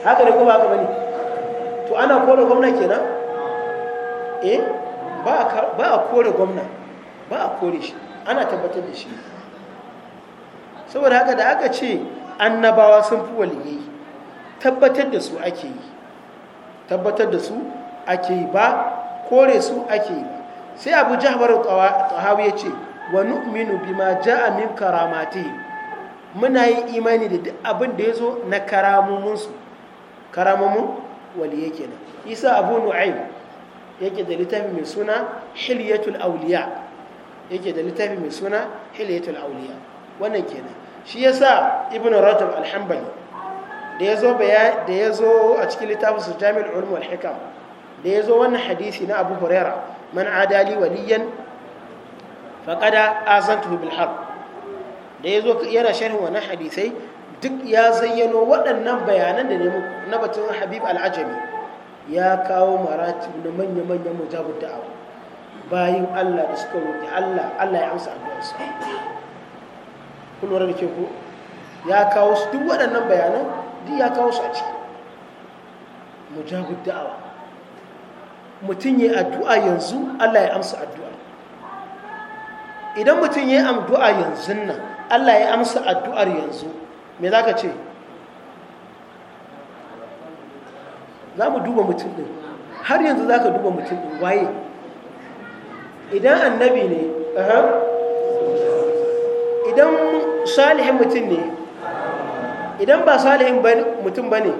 haka ne kuma haka bane to ana kore gwamna kenan eh ba a kore gwamna ba a kore shi ana tabbatar da shi saboda haka da aka ce annabawa sun fi waliyai tabbatar da su ake yi tabbatar da su ake ba kore su ake yi ba sai abu jahbar tawawi ya ce wa nu'minu bima ja'a min karamatihi muna yin imani da duk abin da ya zo na karamominsu wali yake nan. isa abu nu'aim yake da littafi mai suna hilyatul auliya yake da littafi mai suna hilyatul auliya wannan kenan shi yasa ibnu rajab al-hanbali da ya zo a cikin littafin su jami'ul ulum wal hikam da ya zo wannan hadisi na abu huraira man adali waliyan faƙada azantu bil harb da ya zo yana sharhin wannan hadisai duk ya zayyano waɗannan bayanan da na batun habib al'ajami ya kawo marati na manya-manyan mujabu da'awa bayan allah da suka roƙi allah allah ya amsa addu'arsu kun da ke ku ya kawo su duk waɗannan bayanan duk ya kawo su a ciki mujahid da'awa mutum yi addu'a yanzu Allah ya amsa addu'a idan mutum ya addu'a yanzu nan Allah ya amsa addu'ar yanzu me za ka ce za mu duba mutum ɗin har yanzu za ka duba mutum ɗin waye idan annabi ne idan salihin mutum ne idan ba salihin mutum ba ne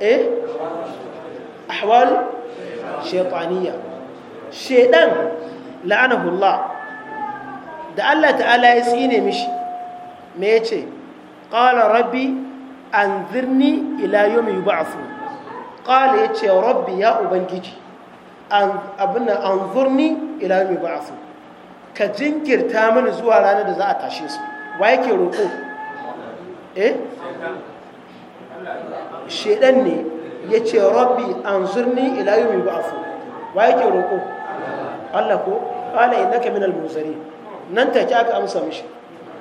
eh ahwal shaitaniya shaidan la'anahullah da Allah ta'ala ya tsine mishi me yace ce ƙala rabbi an zirni ila yawmi yub'athu qala yace rabbi ya ubangiji an an anzurni ila yawmi yub'athu ka jinkirta mini zuwa ranar da za a tashe su wa yake roƙo eh shedan ne ya ce rabbi anzurni ila yawmi ba'fu wa yake roƙo Allah ko qala ka minal munzari nan take aka amsa mishi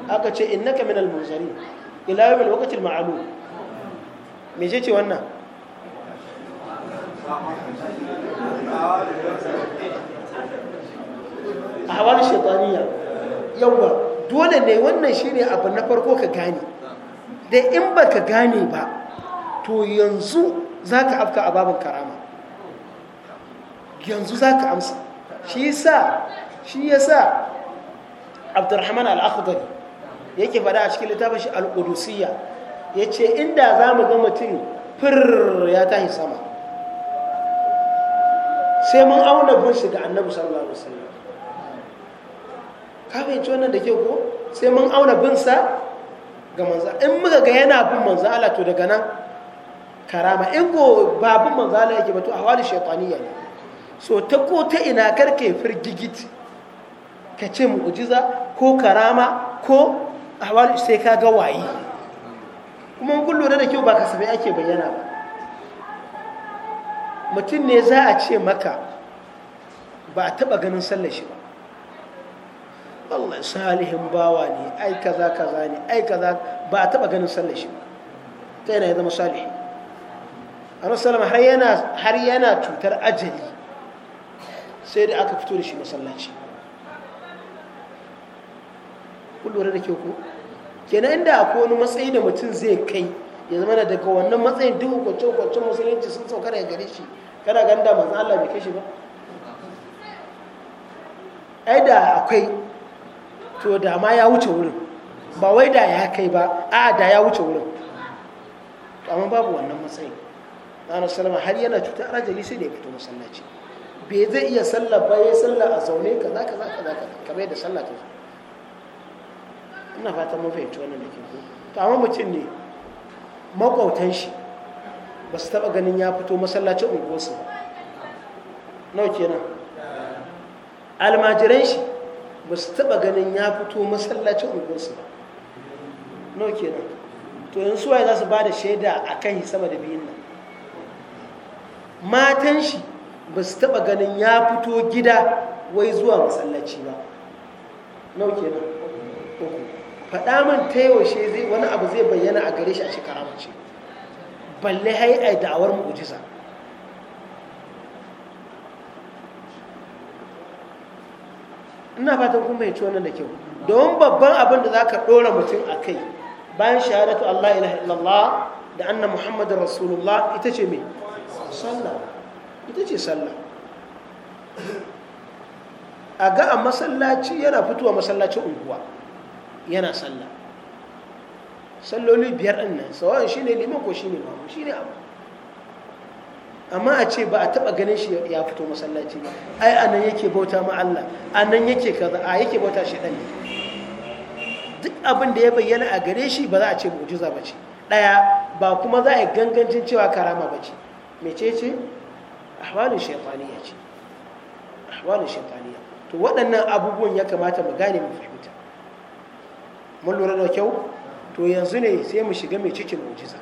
aka ce ka minal munzari ila yawmi lokacin ma'lum me ce ce wannan a ahwal shaytaniya yawa dole ne wannan shine abu na farko ka gane da in ka gane ba to yanzu za ka afka a babin karama yanzu za ka amsa shi sa shi ya sa abdurrahman al-akhdari yake fada a cikin littafin shi al-qudusiyya ya ce inda za mu ga mutum fir ya tashi sama sai mun auna bin shi ga annabi sallallahu alaihi wasallam ka fahimci wannan da ke ko sai mun auna bin sa ga manza in muka ga yana bin manza Allah to daga nan karama in ko ba bin manza Allah yake ba to ahwali shaytaniya ne so ta ko ta ina karke firgigit ka ce mu'jiza ko karama ko ahwali sai ka ga wayi kuma kun lura da kyau ba kasafai ake bayyana ba mutum ne za a ce maka ba a taɓa ganin sallar shi Allah salihin bawa ne ai kaza kaza ne ai kaza ba a taba ganin sallar shi ta yana ya zama salihi A sallama har yana har yana cutar ajali sai da aka fito da shi masallaci ku lura da ke ku? kenan inda akwai wani matsayi da mutum zai kai ya zama daga wannan matsayin duk hukunce-hukuncen musulunci sun sauka daga gare shi kana ganda manzo Allah bai kai shi ba ai da akwai to da ma ya wuce wurin ba wai da ya kai ba a da ya wuce wurin amma babu wannan matsayin na nasarar har yana cutar rajali sai da ya fito masallaci bai zai iya sallah ba ya sallah a zaune ka za ka za ka bai yadda sallah ta zo ina fatan mun fahimci wannan da ke ko to amma mutum ne makwautan shi ba su taɓa ganin ya fito masallacin unguwarsu ba nawa nan almajiran shi ba su taba ganin ya fito masallacin unguwarsu ba no kenan to yin suwaye za su ba da shaida a kan sama da biyun nan matan shi ba su taba ganin ya fito gida wai zuwa masallaci ba no kenan faɗa min ta yaushe wani abu zai bayyana a gare shi a shekara mace balle haiai da da'awar mu'ujiza ina fatan kun bai wannan da kyau domin babban abin da za ka ɗora mutum a kai bayan shahadatu Allah ilaha illallah da anna muhammadin rasulullah ita ce me sallah ita ce sallah a ga a masallaci yana fitowa masallacin unguwa yana sallah salloli biyar ɗin nan sawan shi ne liman ko shi ne mamu shi ne abu amma a ce ba a taba ganin shi ya fito masallaci ba ai anan yake bauta ma Allah anan yake kaza a yake bauta shi dan duk abin da ya bayyana a gare shi ba za a ce mu'jiza ba ce daya ba kuma za a yi gangancin cewa karama ba ce ce ahwalin shaytaniya ce ahwalin shaytaniya to waɗannan abubuwan ya kamata mu gane mu fahimta mun lura da kyau to yanzu ne sai mu shiga mai cikin mu'jiza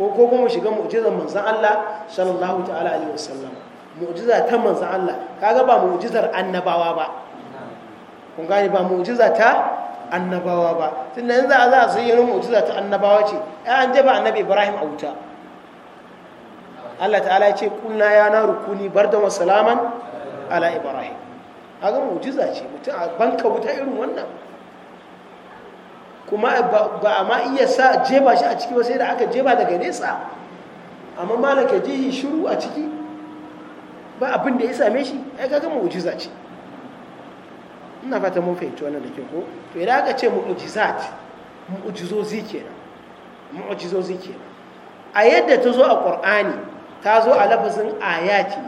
ko ko kuma shiga mu'jizar manzon Allah sallallahu ta'ala alaihi wasallam mu'jiza ta manzon Allah kaga ba mu'jizar annabawa ba kun gani ba mu'jiza ta annabawa ba tunda yanzu za a zayyano mu'jiza ta annabawa ce ai an ba annabi Ibrahim a wuta Allah ta'ala ya ce kunna ya na rukuni barda wa salaman ala Ibrahim kaga mu'jiza ce mutum a banka wuta irin wannan kuma ba a ma iya sa jeba shi a ciki ba sai da aka jeba daga nesa amma malaka jihi shiru a ciki ba abin da ya same shi ai kaga mu'jiza ce ina fata mun fahimci wannan da ke ko to idan aka ce mu'jizat mu'jizozi kenan mu'jizozi kenan a yadda ta zo a qur'ani ta zo a lafazin ayati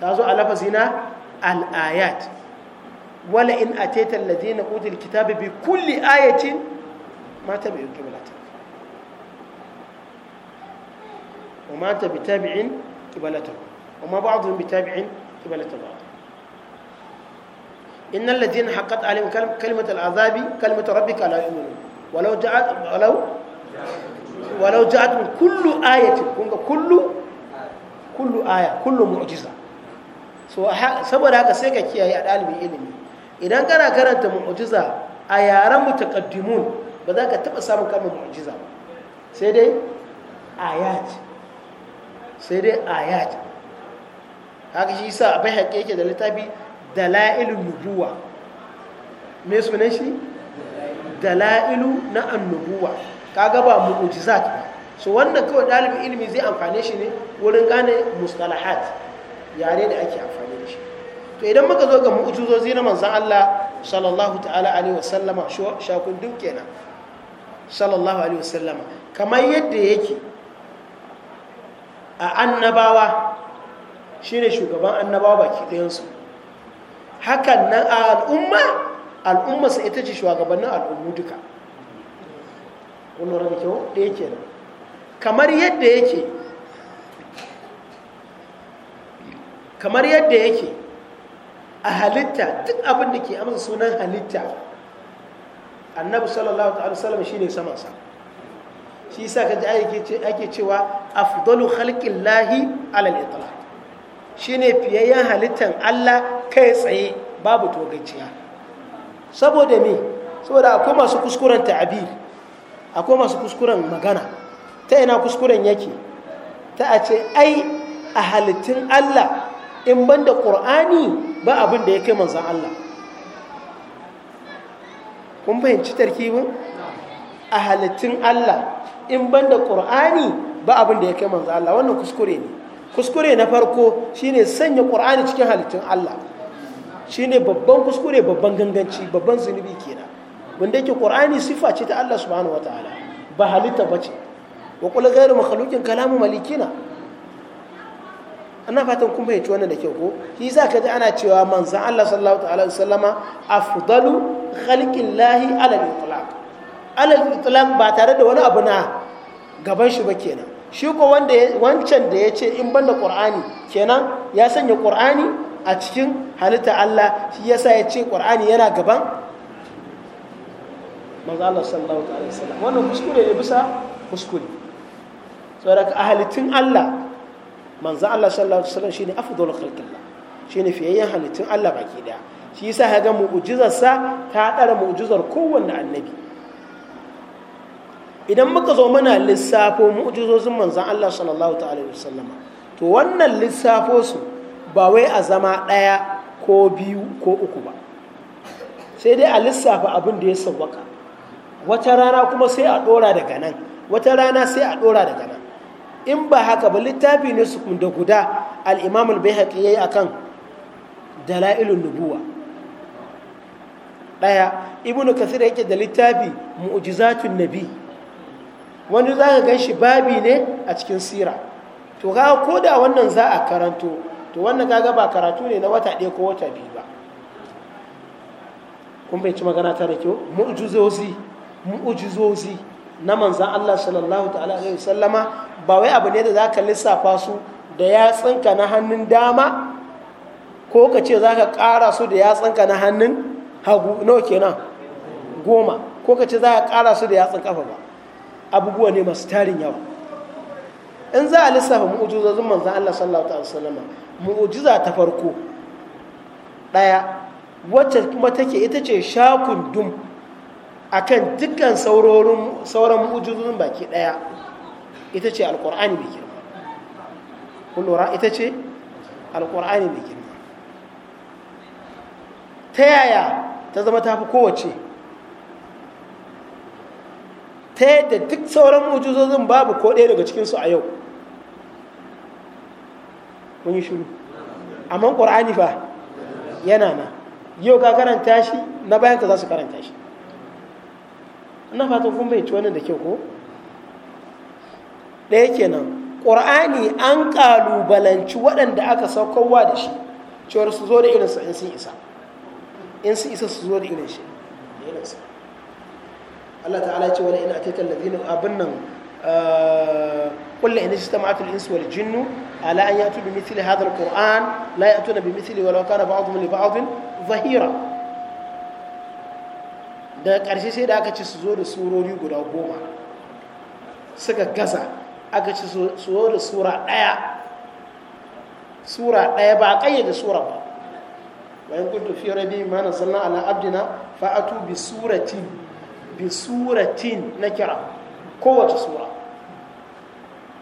ta zo a lafazina al-ayat wala in ateta alladhina utul kitaba bi kulli ayatin mata tabi'u qiblata wa ma ta wa ma ba'dhum bitabi'in qiblata ba'd innal ladhina haqqat alaihim kalimatu al'azabi kalimatu rabbika la yu'minun walau ja'at walau walau ja'at kullu ayatin kunga kullu kullu saboda haka sai ka kiyaye a ɗalibin ilimi idan kana karanta mu'ujiza a yaren mutakaddimun ba za ka taba samun kama mu'ujiza sai dai ayat sai dai ayat haka shi sa abai haƙe yake da littafi dalailun nubuwa me sunan shi dalailu na annubuwa kaga ba mu'ujiza ba so wannan kawai ɗalibin ilimi zai amfane shi ne wurin gane mustalahat yare da ake amfani to idan muka zo ga mu'ujizozi na manzan Allah sallallahu ta'ala alaihi wasallama shakun duk kenan sallallahu alaihi wasallama kamar yadda yake a annabawa shine shugaban annabawa baki ɗayansu hakan nan a al'umma su ita ce shugabannin al'ummu duka kullum da kyau da yake nan kamar yadda yake kamar yadda yake a halitta duk abin da ke amsa sunan halitta annabi sallallahu ta'ala sallama shine saman sa shi yasa ka ake ake cewa afdalu khalqin lahi alal shi shine fiyayyen halittan Allah kai tsaye babu togaciya saboda me saboda akwai masu kuskuren ta'abir akwai masu kuskuren magana ta ina kuskuren yake ta a ce ai a halittun Allah in ban da ƙur'ani ba abin da ya kai manzan Allah kun fahimci tarkibin a halittun Allah in ban da ƙur'ani ba abin da ya kai manzan Allah wannan kuskure ne kuskure na farko shine sanya ƙur'ani cikin halittun Allah shine babban kuskure babban ganganci babban zunubi kenan wanda yake ƙur'ani sifa ce ta Allah subhanahu wataala ba halitta bace wa kula ghayru makhluqin kalamu malikina ana fatan kun fahimci wannan da kyau ko shi za ka ji ana cewa manzan Allah sallallahu alaihi wasallama afdalu khalqillahi ala al-itlaq ala al-itlaq ba tare da wani abu na gaban shi ba kenan shi ko wanda wancan da ya ce in ban banda qur'ani kenan ya sanya qur'ani a cikin halitta Allah shi yasa ya ce qur'ani yana gaban manzan Allah sallallahu alaihi wannan kuskure ne bisa kuskure saboda a halittun Allah manzo Allah sallallahu alaihi wasallam shine afdalul khalqillah shine fiyayyen halittun Allah baki daya shi yasa ya ga mu'jizar sa ta dara mu'jizar kowanne annabi idan muka zo mana lissafo mu'jizozin manzon Allah sallallahu ta'ala to wannan lissafo su ba wai a zama daya ko biyu ko uku ba sai dai a lissafa abin da ya sawwaka wata rana kuma sai a dora daga nan wata rana sai a dora daga nan in ba haka ba littafi ne su kunda guda alimamul haƙi ya yi a kan dalailun nubuwa daya ibnu kasir yake da littafi mu'ujizatun nabi wani za ka ganshi babi ne a cikin sira to ga ko da wannan za a karanto to wannan kaga ba karatu ne na wata ɗaya ko wata biyu ba kun bai ci magana ta da kyau Mu'ujizozi. na manzan Allah sallallahu ta'ala alaihi wasallama ba wai abu ne da za ka lissafa su da yatsunka na hannun dama ko ka ce za ka ƙara su da yatsunka na hannun hagu nawa kenan goma ko ka ce za ka ƙara su da yatsun kafa ba abubuwa ne masu tarin yawa in za a lissafa mu'ujizozin manzan Allah sallallahu ta'ala wasallama mu'ujiza ta farko ɗaya wacce kuma take ita ce shakun dum akan dukkan sauran mu'ujizun baki daya ita ce alkur'ani mai girma kullura ita ce alkur'ani mai girma ta yaya ta zama ta fi kowace ta yadda duk sauran mu'ujizozin babu ko daya daga cikinsu a yau mun yi shuru amma ƙur'ani fa yana na yau ka karanta shi na bayan ka za su karanta shi ina fatan kun bai wannan da kyau ko ɗaya kenan ƙur'ani an ƙalubalanci waɗanda aka saukowa da shi cewar su zo da irinsa in sun isa in sun isa su zo da irin shi Allah ta'ala ya ce wala in ataka alladhina abin nan قل إن اجتمعت الإنس والجن على أن يأتوا بمثل هذا القرآن لا يأتون بمثله ولو كان بعضهم لبعض ظهيرا daga ƙarshe sai da aka ci su zo da surori guda goma suka gaza aka ci su zo da sura ɗaya sura ɗaya ba a ƙayyade sura ba bayan kudu fiye rabi ma na sallan ala abdina fa'atu bi suratin bi suratin na kira kowace sura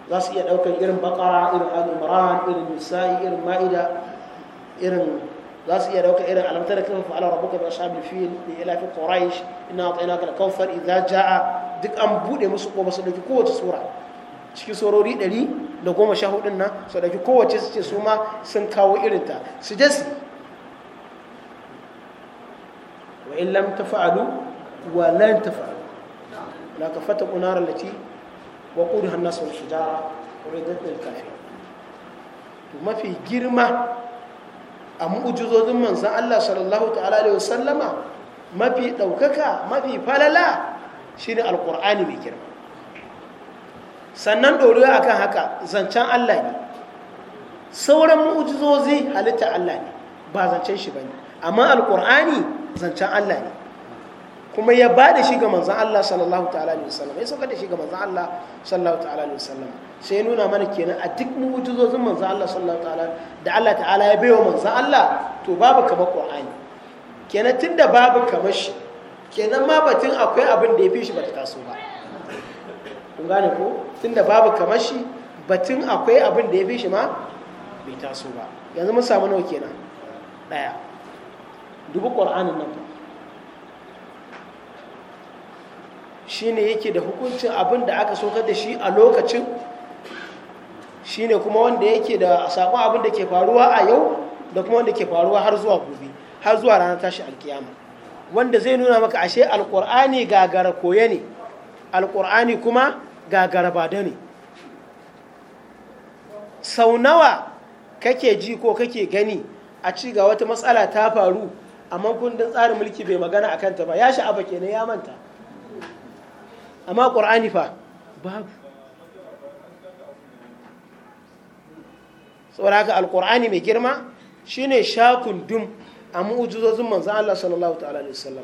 za su iya ɗaukar irin bakara irin al'umran irin nisa'i irin ma'ida irin za su iya dauka irin alamta da kafa fa'ala rabbuka bi ashabil fil bi ila fi quraish inna atayna kal kawfar idza jaa duk an bude musu ko su dauki kowace sura cikin sorori sha din nan su dauki kowace su ce su ma sun kawo irin ta su je su wa in lam tafa'alu wa lan tafa'alu la kafata kunara lati wa qudha an-nas wal shijara uridat lil kafirin to mafi girma a mu'ujizozin manzan Allah sallallahu ta'ala alaihi wasallama mafi ɗaukaka mafi falala shine alƙur'ani mai girma sannan a akan haka zancen Allah ne sauran mu'ujizozi halitta Allah ne ba zancen shi ba ne amma alƙur'ani zancen Allah ne kuma ya ba da shi ga manzan Allah sallallahu ta'ala alaihi wasallam ya sauka da shi ga manzan Allah sallallahu ta'ala alaihi wasallam sai nuna mana kenan a duk mu'jizozin manzan Allah sallallahu ta'ala da Allah ta'ala ya baiwa manzan Allah to babu kama Qur'ani kenan tunda babu kamar shi kenan ma batun akwai abin da ya fi shi bata taso ba kun gane ko tunda babu kamar shi batun akwai abin da ya fi shi ma bai taso ba yanzu mun samu nawa kenan daya dubu Qur'anin nan shine yake da hukuncin abin da aka sokar da shi a lokacin shine kuma wanda yake da sakon abin da ke faruwa a yau da kuma wanda ke faruwa har zuwa gobe har zuwa ranar tashi alkiyama wanda zai nuna maka ashe alkur'ani gagara koya ne alkur'ani kuma gagara bada ne sau nawa kake ji ko kake gani a ci ga wata matsala ta faru amma kundin tsarin mulki bai magana a kanta ba ya sha'aba kenan ya manta amma ƙur'ani fa babu tsoraka alƙur'ani mai girma shine shakun dum a mu'ujizozin manzan Allah sallallahu ta'ala alaihi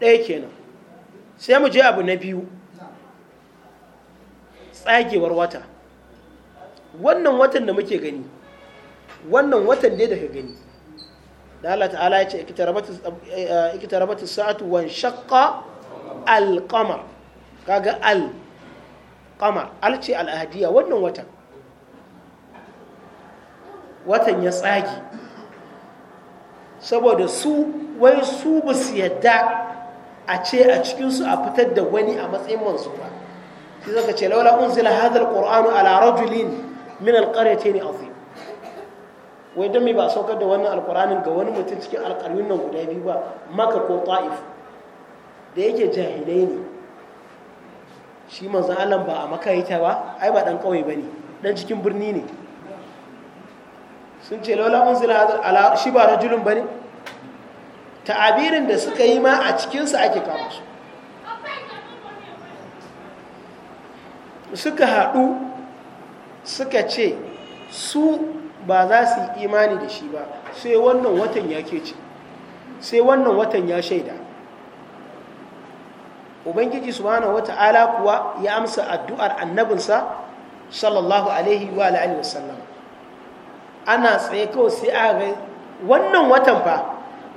ɗaya kenan sai mu je abu na biyu tsagewar wata wannan watan da muke gani wannan watan ne da ka gani da Allah ta'ala ya ce ikitarabatu eh, eh, sa'atu wan shaqqa al kaga al kamar al ce wannan watan watan ya tsagi saboda su wai su ba su yadda a ce a cikinsu a fitar da wani a matsayin mansu ba sai zaka ce laula unzila hadha alqur'anu ala rajulin min alqaryatayn azim wai dan me ba saukar da wannan alqur'anin ga wani mutum cikin alqaryun nan guda biyu ba maka ko ta'if da yake jahilai ne shi manzan Allah ba a maka ta ba ai ba dan kauye bane dan cikin birni ne sun ce laula unzila ala shi ba rajulun bane ta'abirin da suka yi ma a sa ake kama su suka haɗu suka ce su ba za su yi imani da shi ba sai wannan watan ya ke ce sai wannan watan ya shaida ubangiji subhanahu wata'ala kuwa ya amsa addu'ar annabinsa sallallahu alaihi wa alihi wasallam ana tsaye kawai sai a ga wannan watan fa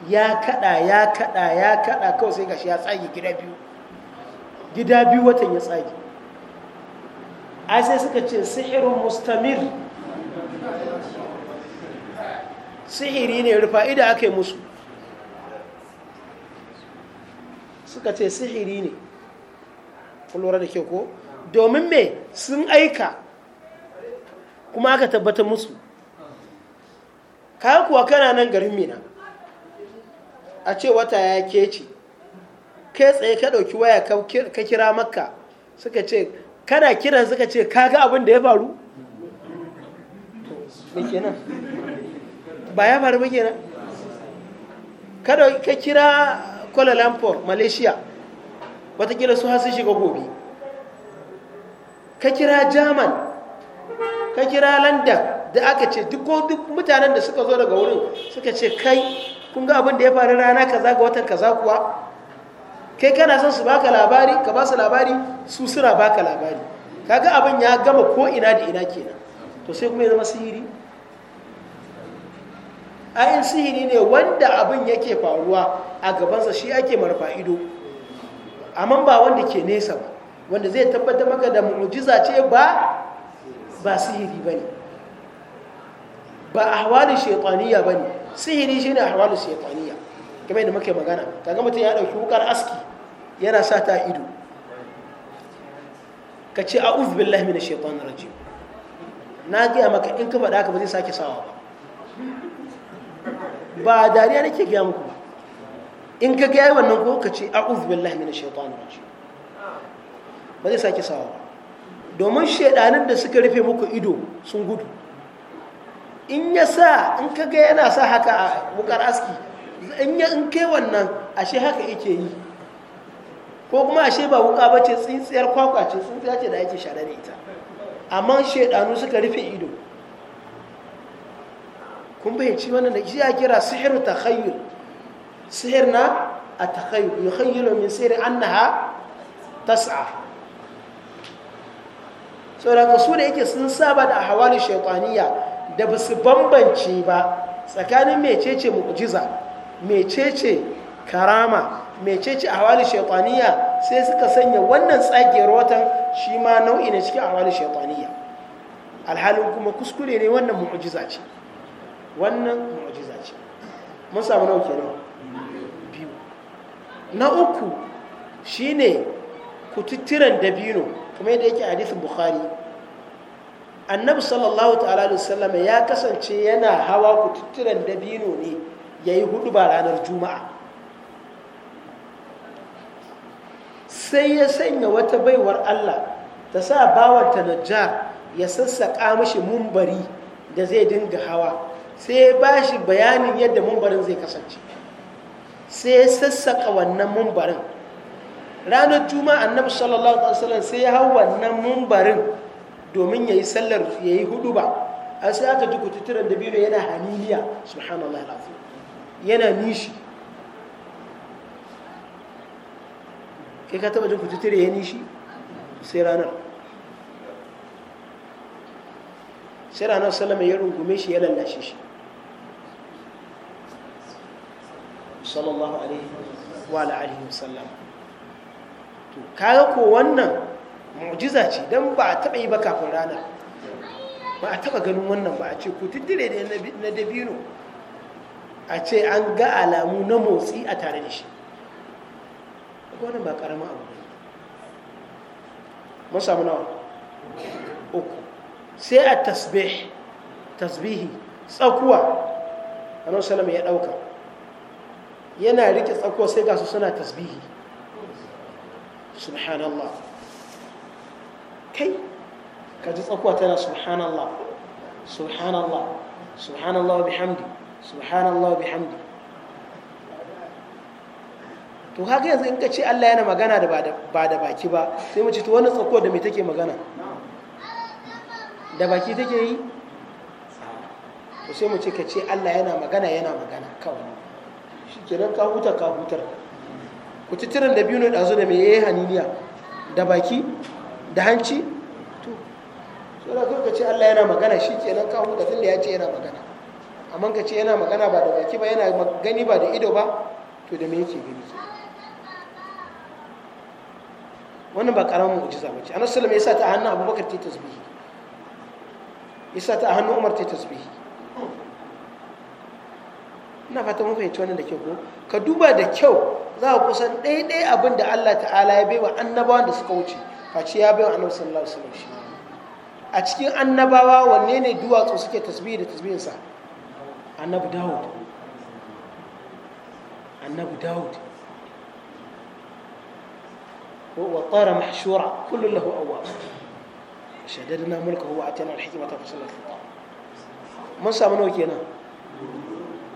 ya kada ya kada ya kada kawai sai gashi ya tsage gida biyu gida biyu watan ya tsage ai sai suka ce sihirun mustamir sihiri ne rufa ida aka yi musu suka ce sihiri ne lura da ke ko domin me sun aika kuma aka tabbatar musu kayan kuwa kana nan garin mina a ce wata ya keci kai tsaye ka ɗauki waya ka kira makka suka ce kana kiran suka ce kaga abin da ya faru ba ya faru ba kenan ka kira kuala lumpur malaysia watakila su har shiga gobe ka kira german ka kira london da aka ce duk mutanen da suka zo daga wurin suka ce kai kun ga abin da ya faru rana kaza ga watan kaza kuwa kai kana son su baka labari ka ba su labari su suna baka labari kaga abin ya gama ko ina da ina kenan to sai kuma ya zama sihiri ayin sihiri ne wanda abin yake faruwa a gabansa shi ake marfa ido amma ba wanda ke nesa ba wanda zai tabbatar maka da mu'jiza ce ba ba sihiri ba ne ba ahwalin shaitaniya ba ne sihiri shi ne ahwalin shaitaniya kamar yadda muke magana kaga mutum ya dauki wukar aski yana sa ta ido ka ce a'udhu billahi minash shaitanir rajim na gaya maka in ka faɗa ka ba zai sake sawa ba ba dariya nake gaya muku in ka gaya wannan ko ka ce a uzu billahi minash shaitani rajim ba zai sake sawa ba domin shaidanin da suka rufe muku ido sun gudu in ya sa in ka ga yana sa haka a wukar aski in ya in kai wannan ashe haka yake yi ko kuma ashe ba wuka ba ce tsintsiyar kwakwa ce tsintsiya ce da ake share da ita amma shaidanu suka rufe ido mun fahimci wannan da shi ya kira sihir khayyul sihir na a takhayyul min annaha tas'a so da su da yake sun saba da ahwali shaytaniya da ba su bambance ba tsakanin mecece mu'jiza mecece karama mecece ahwali shaytaniya sai suka sanya wannan tsagewar watan shi ma nau'i ne cikin ahwali shaytaniya alhalin kuma kuskure ne wannan mu'jiza ce wannan mu'ajiza ce mun samu nawa biyu na uku shine kututturan dabino kuma yadda yake hadisin bukhari annabi sallallahu ta'ala alaihi ya kasance yana hawa kututturan dabino ne ya yi hudu ba ranar juma'a sai ya sanya wata baiwar Allah ta sa bawanta najjar ya sassaƙa mashi mumbari da zai dinga hawa sai ya ba shi bayanin yadda mumbarin zai kasance sai ya sassaka wannan mumbarin ranar juma'a annabi sallallahu alaihi wasallam sai ya hau wannan mumbarin domin ya yi sallar ya yi hudu ba a sai aka ji kututturen da biyu yana haniliya subhanallah alazim yana nishi kai ka taba jin kututture ya nishi sai ranar sai ranar salama ya rungume shi ya lallashe shi sallallahu alaihi wa alihi wasallam to kaga ko wannan mu'jiza ce dan ba a taba yi ba kafin rana ba a taba ganin wannan ba a ce ku tuddire da na dabino a ce an ga alamu na motsi a tare da shi Ko wannan ba karamin abu ne mun samu nawa uku sai a tasbih tasbihi tsakuwa annabi sallallahu ya dauka yana rike tsako sai gasu suna tasbihi subhanallah kai ka ji tsakuwa tana subhanallah subhanallah subhanallah bihamdi subhanallah bihamdi to haka yanzu in ka ce Allah yana magana da ba da baki ba sai mu ce to wannan tsakuwa da me take magana da baki take yi to sai mu ce ka ce Allah yana magana yana magana kawai shi kenan ka huta ka hutar ku ci tiran da biyu ne ɗazu da mai yayi eh, haniniya da baki da hanci to so da kuka ce Allah yana magana shi kenan ka huta tunda ya ce yana magana amma ka ce yana magana ba da baki ba yana gani ba da ido ba to da me yake gani ke wannan ba karamin mu'jiza ba ce annabi sallallahu alaihi wasallam sa ta hannu abubakar ta tasbihi sa ta hannu umar ta tasbihi ina fata mun fahimci wannan da ke ko ka duba da kyau za ku san ɗaiɗai abin da Allah ta'ala ya baiwa annabawan da suka wuce face ya baiwa annabi sallallahu alaihi wasallam shi a cikin annabawa wanne ne duwatsu suke tasbihi da tasbihinsa annabi dawud annabi dawud wa mahshura kullum lahu awwab shaddadna mulkahu wa atana al fa sallallahu mun samu nawa kenan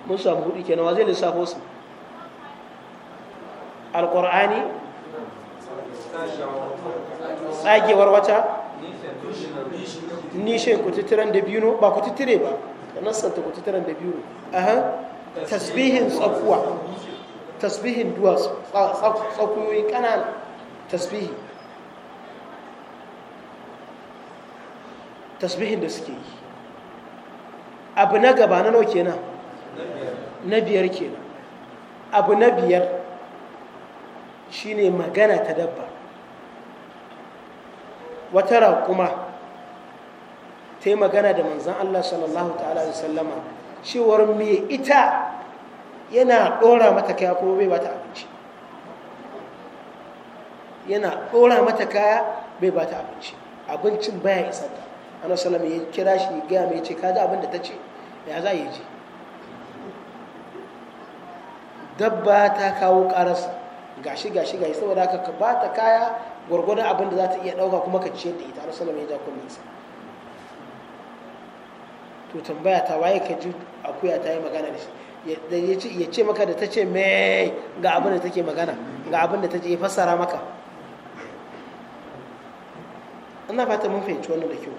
mun samu hudu kenan wa zai lissafo su alkur'ani tsagewar wata nishe kututturen da biyu ba kututture ba nassanta kututturen da biyu aha tasbihin tsakuwa tasbihin duwatsu tsakuyoyi ƙanana tasbihi tasbihin da suke yi abu na gaba na nau kenan na biyar kenan abu na biyar shine magana ta dabba wata raƙuma ta yi magana da manzan Allah sallallahu ta'ala da sallama cewar mai ita yana ɗora mata kaya kuma bai bata abinci yana ɗora mata kaya bai bata abinci abincin baya isa ta ana ya kira shi ya gaya mai ce ka abin da ta ce ya za yi ji dabba ta kawo Ga gashi gashi gashi saboda haka ka ba ta kaya gwargwadon abin da za ta iya ɗauka kuma ka ciyar da ita a rasu ya ja kunninsa to tambaya ta waye ka ji akuya ta yi magana da shi ya ce maka da ta ce mai ga abin da take magana ga abin da ta ce ya fassara maka ina fata mun fahimci wannan da kyau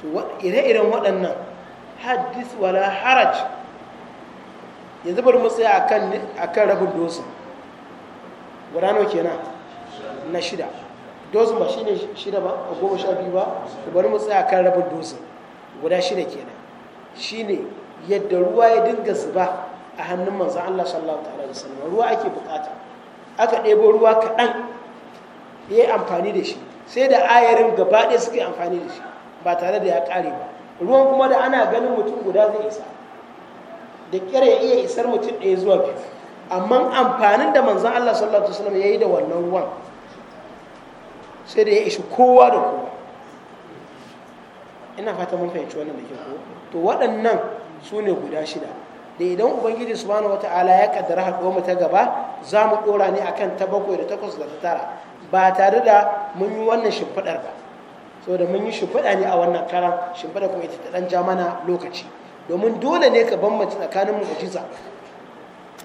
to ire-iren waɗannan hadis wala haraj yanzu bari mu tsaya akan akan rabin dosin guda nawa kenan na shida dosin ba shine shida ba a goma sha biyu ba to bari mu tsaya akan rabin dosin guda shida kenan shine yadda ruwa ya dinga zuba a hannun manzan Allah sallallahu alaihi wasallam ruwa ake bukata aka ɗebo ruwa kaɗan ya yi amfani da shi sai da ayarin gaba ɗaya suka yi amfani da shi ba tare da ya ƙare ba ruwan kuma da ana ganin mutum guda zai isa da kira ya iya isar mutum ɗaya zuwa biyu amma amfanin da manzan Allah sallallahu alaihi wasallam ya yi da wannan ruwan sai da ya ishi kowa da kowa ina fata mun fahimci wannan da ke ko to waɗannan su ne guda shida da idan ubangiji subhanahu wata'ala ya kaddara haɗuwar mu ta gaba za mu ɗora ne akan ta bakwai da takwas da ta tara ba tare da mun yi wannan shimfiɗar ba saboda mun yi shimfiɗa ne a wannan karan shimfiɗar kuma ita ta ɗan ja mana lokaci domin dole ne ka bambanci tsakanin mu'jiza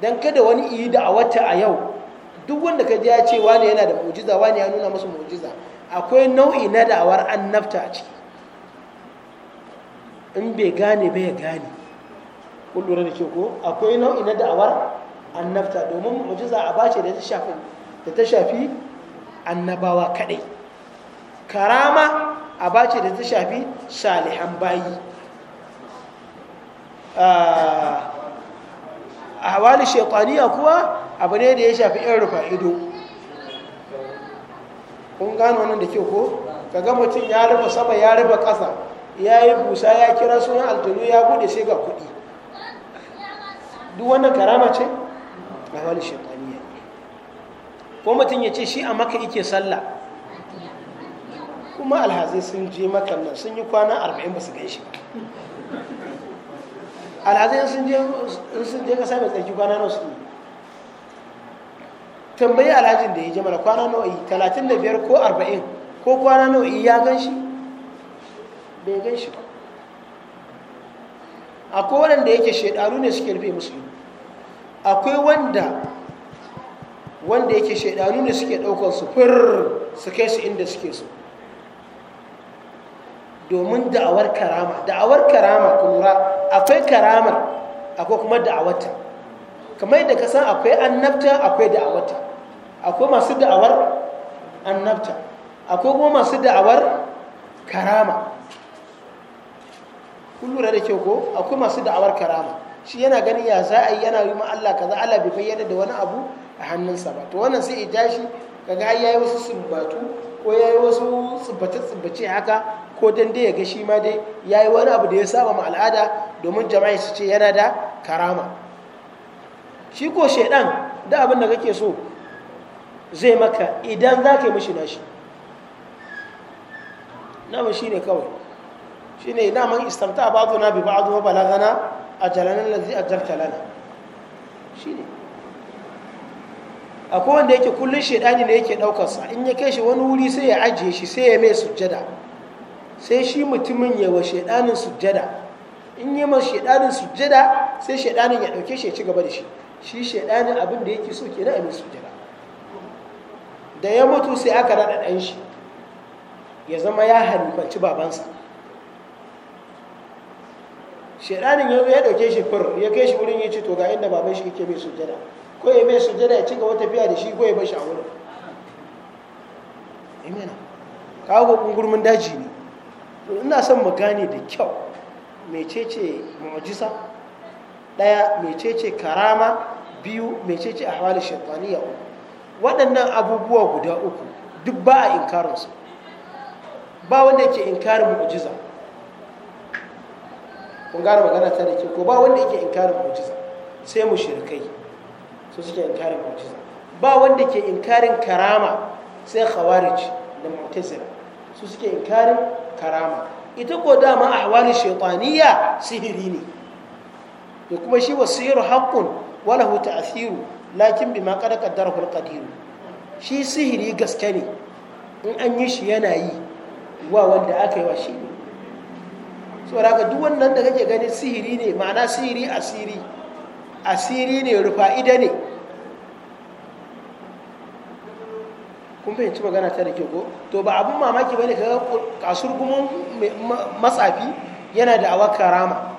dan kada wani yi da a wata a yau duk wanda ka ji ya ce wani yana da mu'jiza wani ya nuna masa mu'jiza akwai nau'i na da'awar annabta a ciki in bai gane bai ya gane kun lura da ke ko akwai nau'i na da'awar annabta domin mu'jiza a bace da ta shafi da ta shafi annabawa kadai karama a bace da ta shafi salihan bayi a ah, hawali shekwaniya kuwa abu ne da ya shafi yan rufa ido kun gano wannan da ke ko kaga mutum ya rufe sama ya rufe ƙasa ya yi busa ya kira sunan altunu ya bude sai ga kuɗi duk wannan karama ce a hawali shekwaniya ko mutum ya ce shi a maka yake sallah kuma alhazai sun je makan sun yi kwana arba'in ba su gan shi alhazai sun sun je kasa mai tsarki kwana nawa suke tambayi alhajin da ya jama'a mana kwana nawa yi talatin da biyar ko arba'in ko kwana nawa yi ya gan shi bai gan shi ba akwai waɗanda yake shaidaru ne suke rufe musulmi akwai wanda wanda yake shaidaru ne suke ɗaukar su fir su kai su inda suke so domin da'awar karama da'awar karama lura akwai karamar akwai kuma da'awata. kamar yadda ka san akwai annabta akwai da'awata. akwai masu da'awar annabta akwai kuma masu da'awar karama kun lura da kyau ko akwai masu da'awar karama shi yana gani ya za a yi yana yi ma Allah kaza Allah bai bayyana da wani abu a hannunsa ba to wannan sai ya tashi kaga yi wasu sumbatu ko ya yi wasu tsubbace tsubbace haka ko don dai ya ga shi ma dai ya yi wani abu da ya saba ma al'ada domin jama'a su ce yana da karama shi ko shaidan da abin da kake so zai maka idan za ka yi mashi nashi namun shi ne kawai shi ne namun istamta ba na bi ba zuwa balagana a jalanar lalzi a jartalana shi ne akwai wanda yake kullum shaidani ne yake daukarsa in ya kai shi wani wuri sai ya ajiye shi sai ya mai sujjada sai shi mutumin ya wa shaidanin sujjada in yi ma shaidanin sujjada sai shaidanin ya ɗauke shi ya ci gaba da shi shi shaidanin abin da yake so ke na amin sujjada da ya mutu sai aka rada dan shi ya zama ya halifanci babansa shaidanin ya ya ɗauke shi fir ya kai shi wurin ya ce to ga inda baban shi yake mai sujjada ko ya mai sujjada ya ci gaba tafiya da shi ko ya bar shi a wurin imana kawo gungurmin daji ne to ina son mu gane da kyau mecece mu'jiza daya mecece karama biyu mecece ahwalin shaitaniya uku waɗannan abubuwa guda uku duk ba a su. ba wanda yake inkarin mu'jiza kun gane magana ta da ke ko ba wanda yake inkarin mu'jiza sai mu shirkai su suke inkarin mu'jiza ba wanda ke inkarin karama sai khawarij da mu'tazila su suke inkarin karama ita ko dama wani shekwaniya sihiri ne da kuma shi wasiru wani wala a ta'thiru lakin bi ma qaddarahu al hulƙadiru shi sihiri gaske ne in an yi shi yana yi wa wanda aka yi wa shi ne saboda duk wannan da kake ganin sihiri ne ma'ana sihiri asiri asiri ne rufa ne kun fahimci magana ta da ko to ba abun mamaki bane ka kasur gumin matsafi yana da awa karama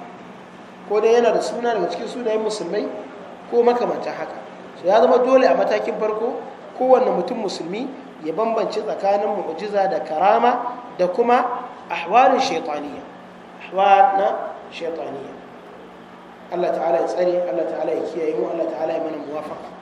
ko dai yana da suna daga cikin sunayen musulmai ko makamanta haka so ya zama dole a matakin farko kowanne mutum musulmi ya bambance tsakanin mu'jiza da karama da kuma ahwalin shaytaniya ahwalna shaytaniya Allah ta'ala ya tsare Allah ta'ala ya kiyaye mu Allah ta'ala ya mana muwafaqa